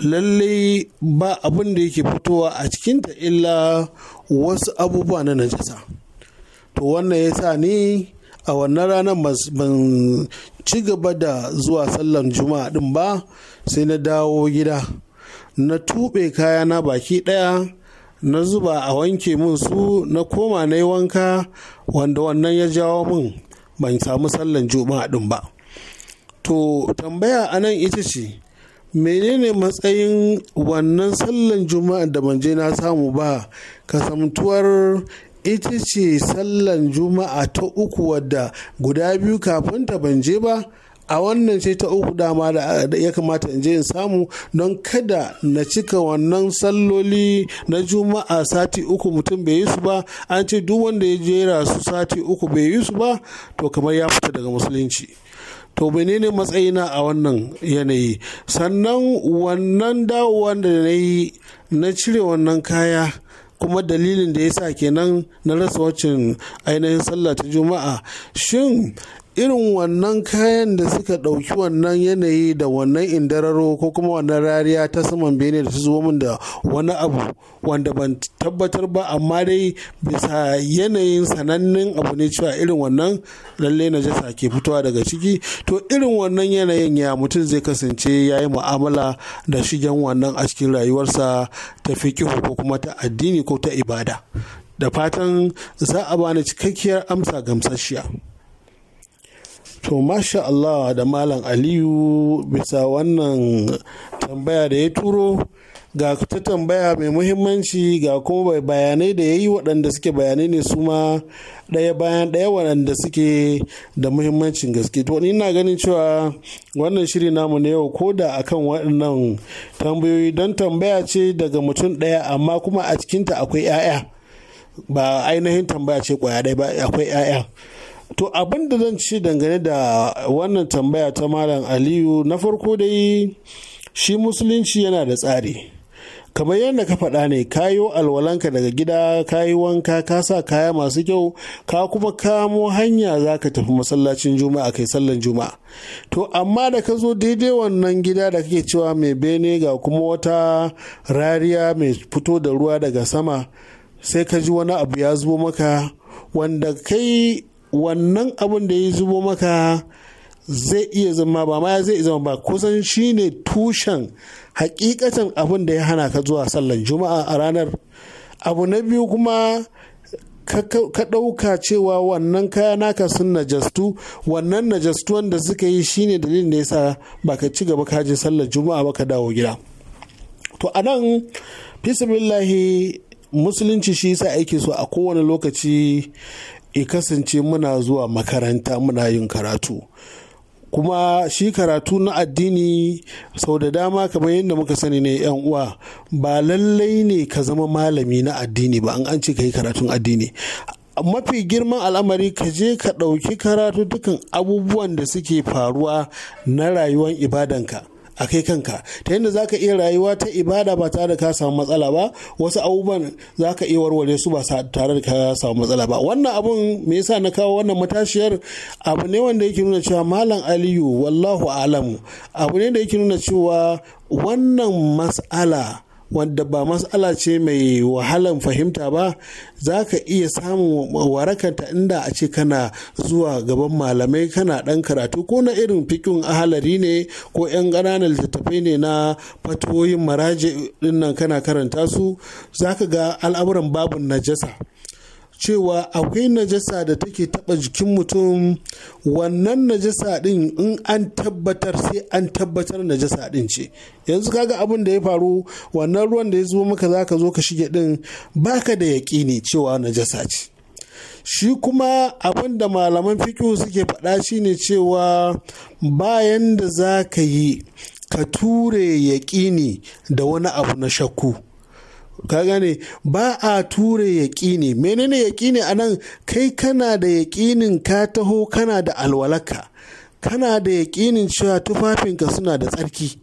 lallai ba abin da yake fitowa a cikinta illa wasu abubuwa na najasa to wannan ya sa ni a wannan ranar ban ci gaba da zuwa sallan juma'a din ba sai na dawo gida na tuɓe kayana baki ɗaya na zuba a wanke min su na koma na yi wanka wanda wannan ya jawo mun ban samu sallan juma'a din ba to tambaya a nan ita ce menene matsayin wannan sallan juma'a da je na samu ba kasamtuwar ita ce sallan juma'a ta uku wadda guda biyu kafin ta banje ba a wannan ce ta uku dama da ya kamata in je in samu don kada na cika wannan salloli na juma'a sati uku mutum bai yi su ba an ce duk wanda ya jera su sati uku bai yi su ba to kamar ya fita daga musulunci to menene matsayina a wannan yanayi sannan wannan dawowa da na yi na cire wannan kaya kuma dalilin da ya sa kenan na rasa wacin ainihin sallah ta juma'a shin irin wannan kayan da suka ɗauki wannan yanayi da wannan indararo ko kuma wannan rariya ta saman bene da ta zo min da wani abu wanda ban tabbatar ba amma dai bisa yanayin sanannen abu ne cewa irin wannan lalle na jasa ke fitowa daga ciki to irin wannan yanayin ya mutum zai kasance ya yi mu'amala da shigen wannan a cikin rayuwarsa ta fikihu ko kuma ta addini ko ta ibada da fatan za a bani cikakkiyar amsa gamsasshiya. To masha Allah da Malam Aliyu bisa wannan tambaya da ya turo ga ta tambaya mai muhimmanci ga kuma bayanai da ya yi waɗanda suke bayanai ne su ma ɗaya bayan ɗaya waɗanda suke da muhimmancin gaske to ni na ganin cewa wannan shiri namu na yau ko da akan waɗannan tambayoyi don tambaya ce daga mutum ɗaya amma kuma a cikinta akwai 'ya'ya ba ainihin tambaya ce ƙwaya ɗaya ba akwai 'ya'ya to abin da zan ci dangane da wannan tambaya ta malam aliyu na farko dai shi musulunci yana da tsari kamar yadda ka faɗa ne kayo alwalanka daga gida kayi wanka ka sa kaya masu kyau ka kuma kamo hanya za ka tafi masallacin juma'a kai sallan juma'a to amma da ka zo daidai wannan gida da kake cewa mai bene ga kuma wata rariya mai fito da ruwa daga sama sai ka ji wani abu ya zubo maka wanda kai wannan abin da ya zubo maka zai iya zama ba ma zai zama ba kusan shine tushen hakikatan abin da ya hana ka zuwa sallan juma'a a ranar abu na biyu kuma ka ɗauka cewa wannan kaya naka sun najastu wannan najastu wanda suka yi shine dalilin da yasa ba ka ci gaba ka je sallar juma'a ba ka dawo gida to a nan musulunci shi yasa ake so a kowane lokaci ya kasance muna zuwa makaranta muna yin karatu kuma shi karatu na addini sau da dama kamar yadda muka sani ne yan uwa ba lallai ne ka zama malami na addini ba an an ce ka yi karatun addini mafi girman al'amari ka je ka ɗauki karatu dukan abubuwan da suke faruwa na rayuwar ibadanka a kai kanka ta yadda za ka iya rayuwa ta ibada ba tare da ka samu matsala ba wasu abubuwan za ka iya warware su ba tare da ka samu matsala ba wannan abun me yasa na kawo wannan matashiyar abu ne wanda yake nuna cewa malam aliyu wallahu alamu abu ne da yake nuna cewa wannan mas'ala wanda ba matsala ce mai wahalan fahimta ba za ka iya samun warakanta inda a ce kana zuwa gaban malamai kana ɗan karatu ko na irin fikin ahalari ne ko 'yan ƙananan littattafai ne na fatoyin maraje nan kana karanta su za ka ga al'amuran babu najasa. cewa akwai najasa da take taba jikin mutum wannan najasa din in an tabbatar sai an tabbatar najasa din ce yanzu kaga abin da ya faru wannan ruwan da ya zo maka zaka zo ka shige din baka da yaƙini cewa najasa ce shi kuma abin da malaman fikihu suke faɗa shine cewa bayan da za ka yi ka ture yaƙini da wani abu na shakku ka gane ba a ture yaƙini menene yaƙini a nan kai kana da yaƙinin ka taho kana da alwalaka kana da yaƙinin cewa tufafinka suna da tsarki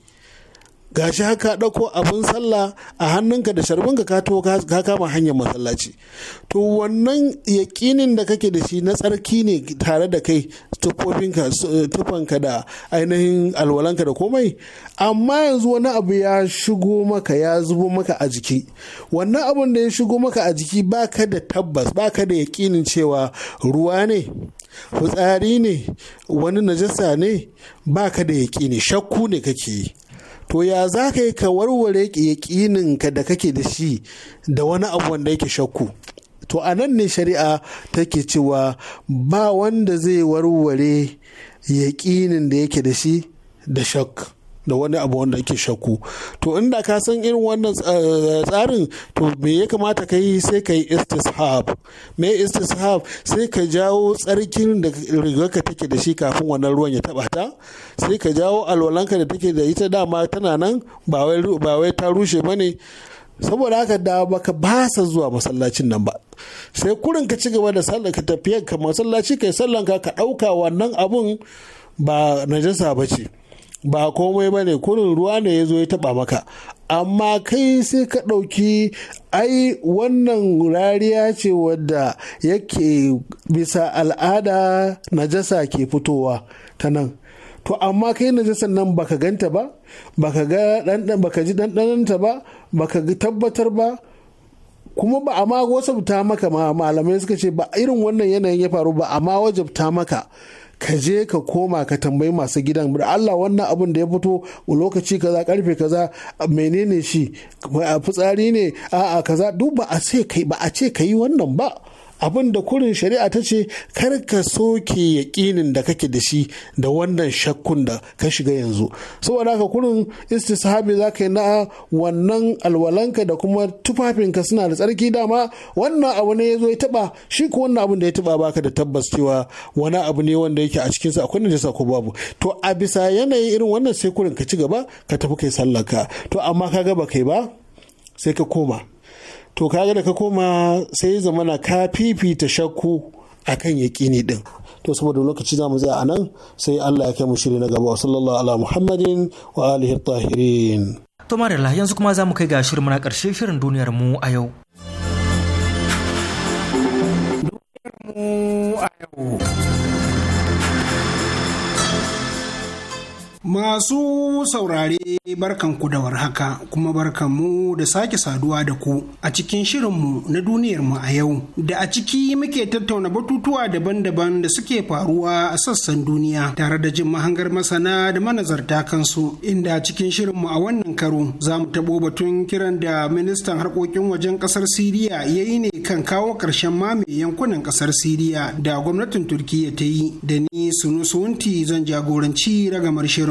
gashi haka ɗauko abin sallah a hannunka da sharbinka ka to ka kama hanyar masallaci to wannan yaƙinin da kake da shi na tsarki ne tare da kai tufanka da ainihin alwalanka da komai amma yanzu wani abu ya shigo maka ya zubo maka a jiki wannan abin da ya shigo maka a jiki ba ka da tabbas ba ka da yaƙinin cewa ruwa ne fitsari ne wani najasa ne ba ka da yaƙini shakku ne kake yi to ya za ka yi ka warware yaƙininka da kake da shi da wani abu wanda yake shakku to a nan ne shari'a take cewa ba wanda zai warware yaƙinin da yake da shi da shak da wani abu wanda ake shakku to inda ka san irin wannan eh, tsarin to me ya kamata ka yi sai ka yi istishab me istishab sai ka jawo tsarkin da ka take da shi kafin wannan ruwan ya taba ta sai ka jawo alwalanka da take da ita dama tana nan ba wai ta rushe ba ne saboda haka da baka sa zuwa masallacin nan ba sai kurin ka ci gaba da sallar ka tafiyar ka masallaci kai sallan ka ka ɗauka wannan abun ba najasa ba ce ba komai ba ne kurin ruwa ne ya zo ya taba maka amma kai sai ka ɗauki ai wannan rariya ce wadda yake bisa al'ada najasa ke fitowa ta nan to amma kai najasan nan baka ganta ba baka ga baka ji ɗanɗananta ba baka tabbatar ba kuma ba a ma wasabta maka malamai suka ce ba irin wannan yanayin ya faru ba a ma wajabta maka ka je ka koma ka tambayi masu gidan Allah wannan abin da ya fito a lokaci kaza karfe kaza menene shi a fitsari ne a'a kaza duk ba a ce kai ba a ce kai wannan ba abin da kurin shari'a ta ce kar ka soke yaƙinin da kake da shi da wannan shakkun da ka shiga yanzu saboda haka kurin istisabi za ka yi na wannan alwalanka da kuma tufafinka suna da tsarki dama wannan abu ne ya zo ya taba shi ko wannan abin da ya taba baka da tabbas cewa wani abu ne wanda yake a cikin sa akwai najasa ko babu to a bisa yanayi irin wannan sai kurin ka ci gaba ka tafi kai sallaka to amma ka ga ba kai ba sai ka koma to ka ga da ka koma sai zamana ka fifita shakku akan yaƙini din to saboda lokaci za mu tsaya a nan sai Allah ya kai mu shiri na gaba wa sallallahu ala muhammadin wa alihi tahirin to marilla yanzu kuma za mu kai ga shirin muna karshe shirin duniyar mu a yau mu a yau Masu saurare barkan ku da warhaka kuma mu da sake saduwa da ku a cikin shirinmu na duniyar mu a yau da a ciki muke tattauna batutuwa daban-daban da suke faruwa a sassan duniya tare da jin mahangar masana da manazarta kansu inda a cikin shirinmu a wannan karo za mu taɓo batun kiran da ministan harkokin wajen ƙasar Siriya ya yi ne kan kawo ƙarshen mame yankunan ƙasar Siriya da gwamnatin Turkiyya ta yi da ni Sunusunti zan jagoranci ragamar shirin.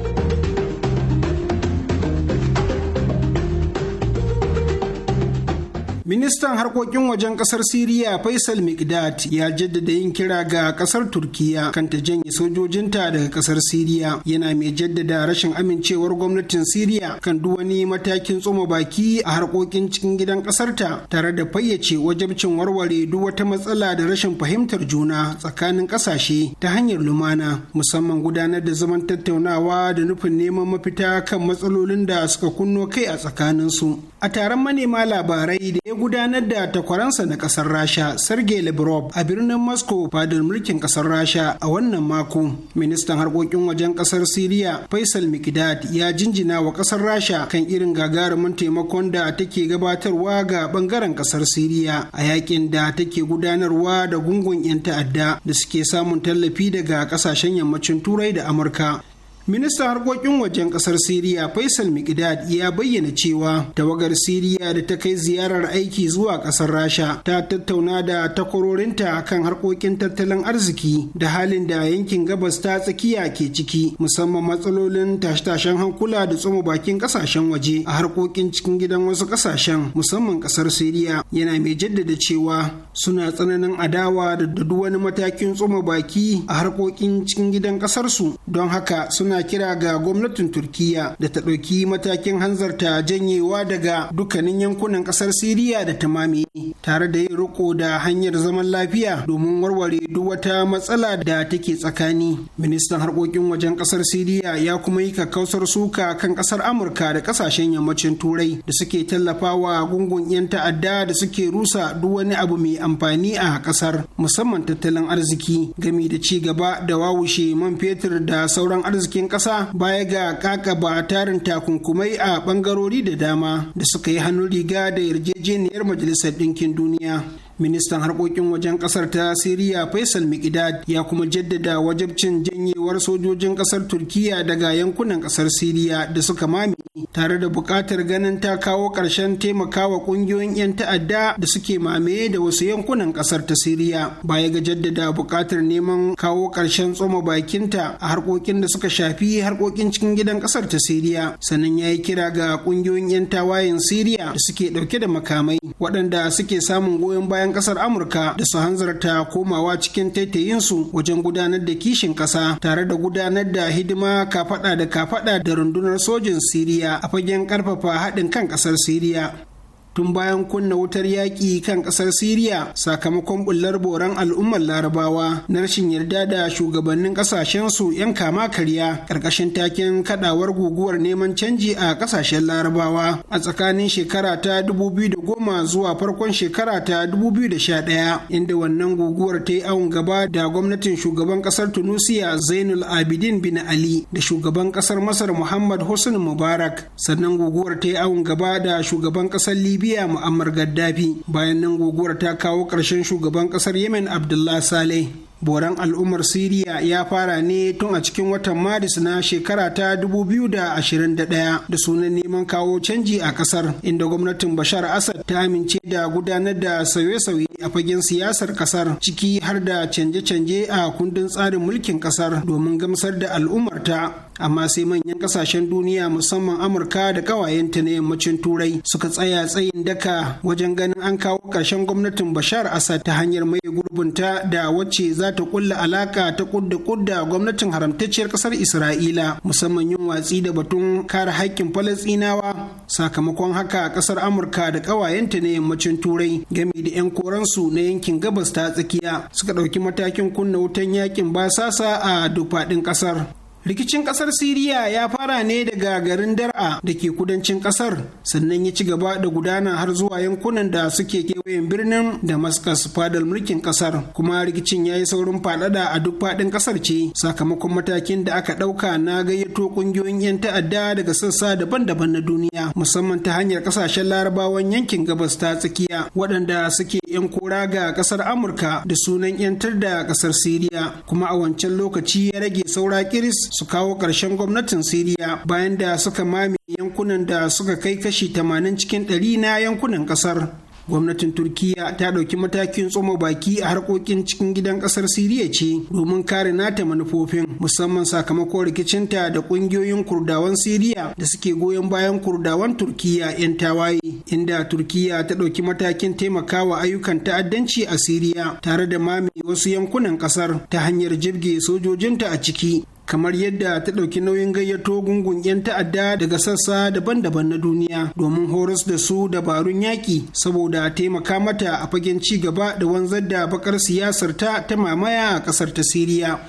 Ministan harkokin wajen kasar Siriya Faisal Mikdad ya jaddada yin kira ga kasar Turkiya kan ta janye sojojinta daga kasar Siriya yana mai jaddada rashin amincewar gwamnatin Siriya kan duk wani matakin tsoma baki a harkokin cikin gidan kasarta tare da fayyace wajabcin warware duk wata matsala da rashin fahimtar juna tsakanin kasashe ta hanyar lumana musamman gudanar da zaman tattaunawa da nufin neman mafita kan matsalolin da suka kunno kai a tsakaninsu. A taron manema labarai da ya gudanar da takwaransa na kasar rasha sergei lavrov a birnin moscow fadar mulkin kasar rasha a wannan mako ministan harkokin wajen kasar siriya faisal mikdad ya jinjina wa kasar rasha kan irin gagarumin taimakon da take gabatarwa ga bangaren kasar siriya a yakin da take gudanarwa da gungun 'yan ta'adda da suke samun tallafi daga kasashen yammacin turai da amurka Ministan harkokin wajen kasar Siriya Faisal Mikdad ya bayyana cewa tawagar Siriya da ta kai ziyarar aiki zuwa kasar Rasha ta tattauna da takwarorinta kan harkokin tattalin arziki da halin da yankin gabas ta tsakiya ke ciki musamman matsalolin tashe-tashen hankula da tsoma bakin kasashen waje a harkokin cikin gidan wasu kasashen musamman kasar Siriya yana mai jaddada cewa suna tsananin adawa da duk wani matakin tsoma baki a harkokin cikin gidan kasarsu don haka suna kira ga gwamnatin turkiya da ta ɗauki matakin hanzarta janyewa daga dukkanin yankunan ƙasar siriya da ta mamaye tare da yin riko da hanyar zaman lafiya domin warware duk wata matsala da take tsakani ministan harkokin wajen ƙasar siriya ya kuma yi kakkausar suka kan ƙasar amurka da ƙasashen yammacin turai da suke tallafawa gungun 'yan ta'adda da suke rusa duk wani abu mai amfani a ƙasar musamman tattalin arziki game da ci gaba da wawushe man fetur da sauran arzikin cikin ƙasa baya ga kakaba tarin takunkumai a ɓangarori da dama da suka yi hannun riga da yarjejeniyar majalisar ɗinkin duniya ministan harkokin wajen kasar ta siriya faisal mikidad ya kuma jaddada wajabcin janyewar sojojin kasar turkiya daga yankunan kasar siriya da suka mame tare da buƙatar ganin ta kawo ƙarshen taimakawa ƙungiyoyin 'yan ta'adda da suke mamaye da wasu yankunan kasar ta siriya baya ga jaddada buƙatar neman kawo ƙarshen tsoma bakinta a harkokin da suka shafi harkokin cikin gidan kasar ta siriya sannan ya yi kira ga ƙungiyoyin 'yan tawayen siriya da suke ɗauke da makamai waɗanda suke samun goyon baya 'yan kasar amurka da su hanzarta komawa cikin taitayinsu wajen gudanar da kishin kasa tare da gudanar da hidima kafada da kafada da rundunar sojin siriya a fagen karfafa haɗin kan kasar siriya tun bayan kunna wutar yaƙi kan ƙasar Siriya sakamakon bullar boran al'ummar Larabawa na rashin yarda da shugabannin ƙasashensu 'yan kama karya ƙarƙashin taken kaɗawar guguwar neman canji a ƙasashen Larabawa a tsakanin shekara ta goma zuwa farkon shekara ta 2011 inda wannan guguwar ta yi awon gaba da gwamnatin shugaban ƙasar Tunusiya Zainul Abidin bin Ali da shugaban ƙasar Masar Muhammad Hussein Mubarak sannan guguwar ta yi awon gaba da shugaban ƙasar Libya libya mu'ammar gaddafi bayan nan guguwar ta kawo ƙarshen shugaban ƙasar yemen abdullah saleh boran al'ummar siriya ya fara ne tun a cikin watan maris na shekara ta 2021 da sunan neman kawo canji a kasar inda gwamnatin bashar asad ta amince da gudanar da sauye-sauye a fagen siyasar kasar ciki har da canje-canje a kundin tsarin mulkin kasar domin gamsar da al'ummarta amma sai manyan kasashen duniya musamman amurka da kawayenta na yammacin turai suka tsaya tsayin daka wajen ganin an kawo ƙarshen gwamnatin bashar asa ta hanyar mai gurbinta da wacce za ta kulla alaka ta kudda kudda gwamnatin haramtacciyar ƙasar isra'ila musamman yin watsi da batun kare haƙƙin falasɗinawa sakamakon haka ƙasar amurka da kawayenta na yammacin turai game da 'yan koransu na yankin gabas ta tsakiya suka ɗauki matakin kunna wutan yakin basasa a dufaɗin faɗin ƙasar rikicin ƙasar siriya ya fara ne daga garin dar'a da ke kudancin ƙasar? sannan ya ci gaba da gudana har zuwa yankunan da suke kewayen birnin damascus fadar mulkin ƙasar? kuma rikicin ya yi saurin faɗaɗa a duk faɗin ƙasar ce sakamakon matakin da aka ɗauka na gayyato ƙungiyoyin 'yan ta'adda daga sassa daban-daban na duniya musamman ta hanyar ƙasashen larabawan yankin gabas ta tsakiya waɗanda suke 'yan kora ga ƙasar amurka da sunan 'yantar da ƙasar siriya kuma a wancan lokaci ya rage saura kiris su kawo ƙarshen gwamnatin siriya bayan da suka mame yankunan da suka kai kashi 80 cikin 100 na yankunan ƙasar gwamnatin turkiyya ta ɗauki matakin tsoma baki a harkokin cikin gidan ƙasar siriya ce domin kare nata manufofin musamman sakamakon rikicinta da ƙungiyoyin kurdawan siriya da suke goyon bayan kurdawan turkiyya 'yan tawaye inda turkiyya ta ɗauki matakin taimakawa ayyukan ta'addanci a siriya tare da mame wasu yankunan ƙasar ta hanyar jirge sojojinta a ciki kamar yadda ta ɗauki nauyin gayyato gungun 'yan ta'adda daga sassa daban-daban na duniya domin horas da su dabarun yaƙi saboda taimaka mata a fagen ci gaba da wanzar da bakar siyasar ta ta mamaya a ƙasar ta siriya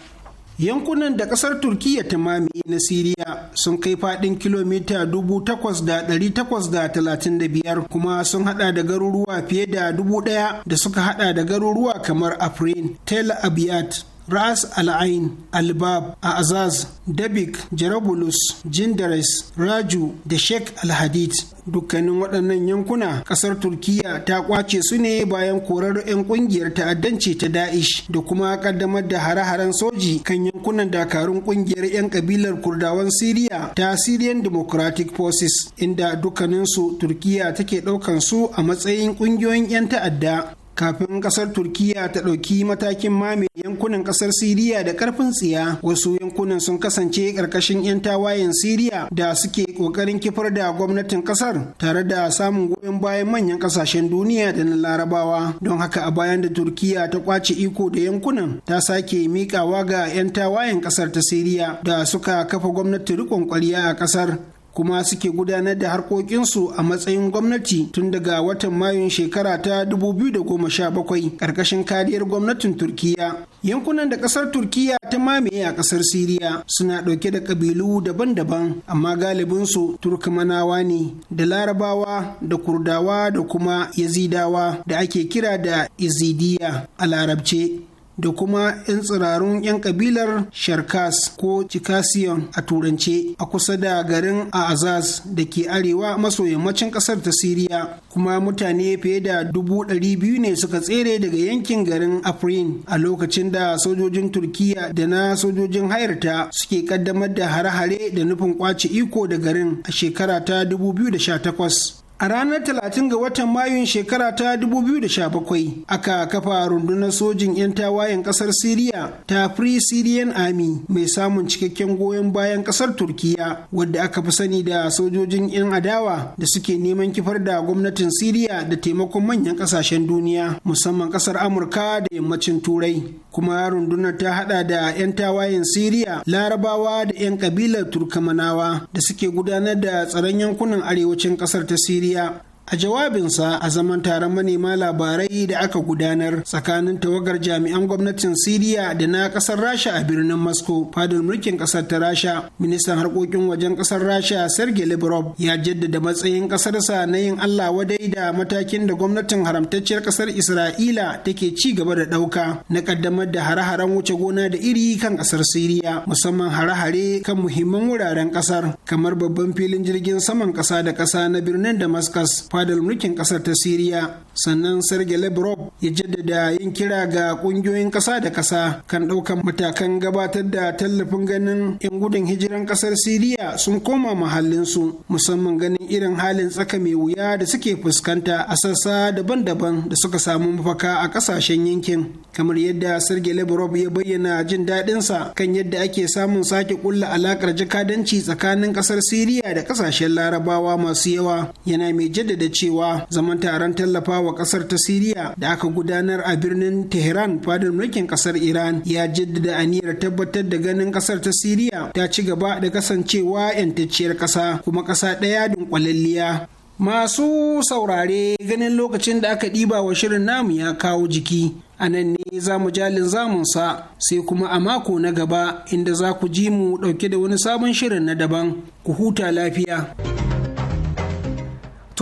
yankunan da ƙasar turkiyya ta mamaye na siriya sun kai fadin kilomita 8,835 kuma sun hada da garuruwa fiye da 1,000 da suka hada da garuruwa kamar afrin tel abiyat Ras AlAin AlBab Albab, Azaz, Dabik, Jarabulus, Jindares, Raju da Sheikh AlHadid Dukkanin waɗannan yankuna ƙasar Turkiyya ta ƙwace su ne bayan korar 'yan ƙungiyar ta'addanci ta Da'ish da kuma ƙaddamar da hare-haren soji kan yankunan dakarun ƙungiyar 'yan ƙabilar Kurdawan Siriya ta Syrian Democratic Forces inda dukkaninsu Turkiyya take ɗaukan su a matsayin ƙungiyoyin 'yan ta'adda kafin kasar turkiya ta ɗauki matakin mame yankunan kasar siriya da ƙarfin tsiya wasu yankunan sun kasance ƙarƙashin 'yan tawayen siriya da suke ƙoƙarin kifar da gwamnatin ƙasar, tare da samun goyon bayan manyan ƙasashen duniya da na larabawa don haka a bayan da turkiya ta ƙwace iko da yankunan ta sake miƙawa ga 'yan tawayen ƙasar ta siriya da suka kafa gwamnati riƙon ƙwarya a ƙasar. kuma suke gudanar da harkokinsu a matsayin gwamnati tun daga watan mayun shekara ta 2017 ƙarƙashin kariyar gwamnatin turkiya yankunan da ƙasar turkiya ta mamaye a ƙasar siriya suna ɗauke da ƙabilu daban-daban amma galibinsu turkmanawa ne da larabawa da kurdawa da kuma yazidawa da ake kira da izidiya a larabce da kuma 'yan tsirarun 'yan kabilar sharkas ko cikasiyon a turance a kusa da garin azaz da ke arewa maso yammacin kasar ta siriya kuma mutane fiye da dubu ɗari biyu ne suka tsere daga yankin garin afrin a lokacin da sojojin turkiya da na sojojin hayarta suke ƙaddamar da hare-hare da nufin kwace iko da garin a shekara ta 2018 A ranar 30 ga watan Mayun shekara ta 2017 aka kafa rundunar sojin 'yan tawayen kasar Siriya ta Free Syrian Army mai samun cikakken goyon bayan kasar Turkiya wadda aka fi sani da sojojin 'yan adawa da suke neman kifar da gwamnatin Siriya da taimakon manyan kasashen duniya musamman kasar Amurka da yammacin Turai. Kuma rundunar ta hada da 'yan tawayen Siriya, Larabawa da 'yan kabilar Turkamanawa da suke gudanar da tsaron yankunan arewacin kasar ta Siriya. día A jawabinsa a zaman taron manema labarai da aka gudanar tsakanin tawagar jami'an gwamnatin Siriya da na kasar Rasha a birnin Moscow, fadar mulkin kasar ta Rasha, ministan harkokin wajen kasar Rasha Sergei Lavrov ya jaddada matsayin kasarsa na yin Allah wadai da matakin da gwamnatin haramtacciyar kasar Isra'ila take ci gaba da ɗauka na kaddamar da hare-haren wuce gona da iri kan kasar Siriya, musamman hare-hare kan muhimman wuraren kasar kamar babban filin jirgin saman kasa da kasa na birnin Damascus fadar mulkin kasar ta siriya sannan sergei lavrov ya jaddada yin kira ga kungiyoyin kasa da kasa kan ɗaukar matakan gabatar da tallafin ganin 'yan gudun hijiran kasar siriya sun koma mahallinsu musamman ganin irin halin tsaka mai wuya da suke fuskanta a sassa daban-daban da suka samu mafaka a kasashen yankin kamar yadda sergei lavrov ya bayyana jin daɗinsa kan yadda ake samun sake kulla alakar jakadanci tsakanin kasar siriya da kasashen larabawa masu yawa yana mai jaddada da cewa zaman taron tallafa wa kasar ta Siriya da aka gudanar a birnin Tehran fadar mulkin kasar Iran ya jaddada aniyar tabbatar da ganin kasar ta Siriya ta ci gaba da kasancewa 'yantacciyar kasa kuma kasa ɗaya dunkwalalliya Masu saurare ganin lokacin da aka ɗiba wa shirin namu ya kawo jiki, a nan ne za mu jalin zamunsa sai kuma a mako na gaba inda za ku ji mu ɗauke da wani sabon shirin na daban, ku huta lafiya.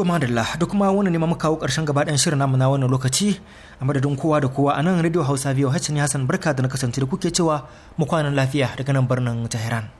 To madalla da kuma wannan neman kawo karshen gaba ɗan shirin namu na wannan lokaci a madadin kowa da kowa a nan Radio Hausa biyu Hacin Hassan barka da na kasance da kuke cewa mu kwanan lafiya daga nan birnin Tehran.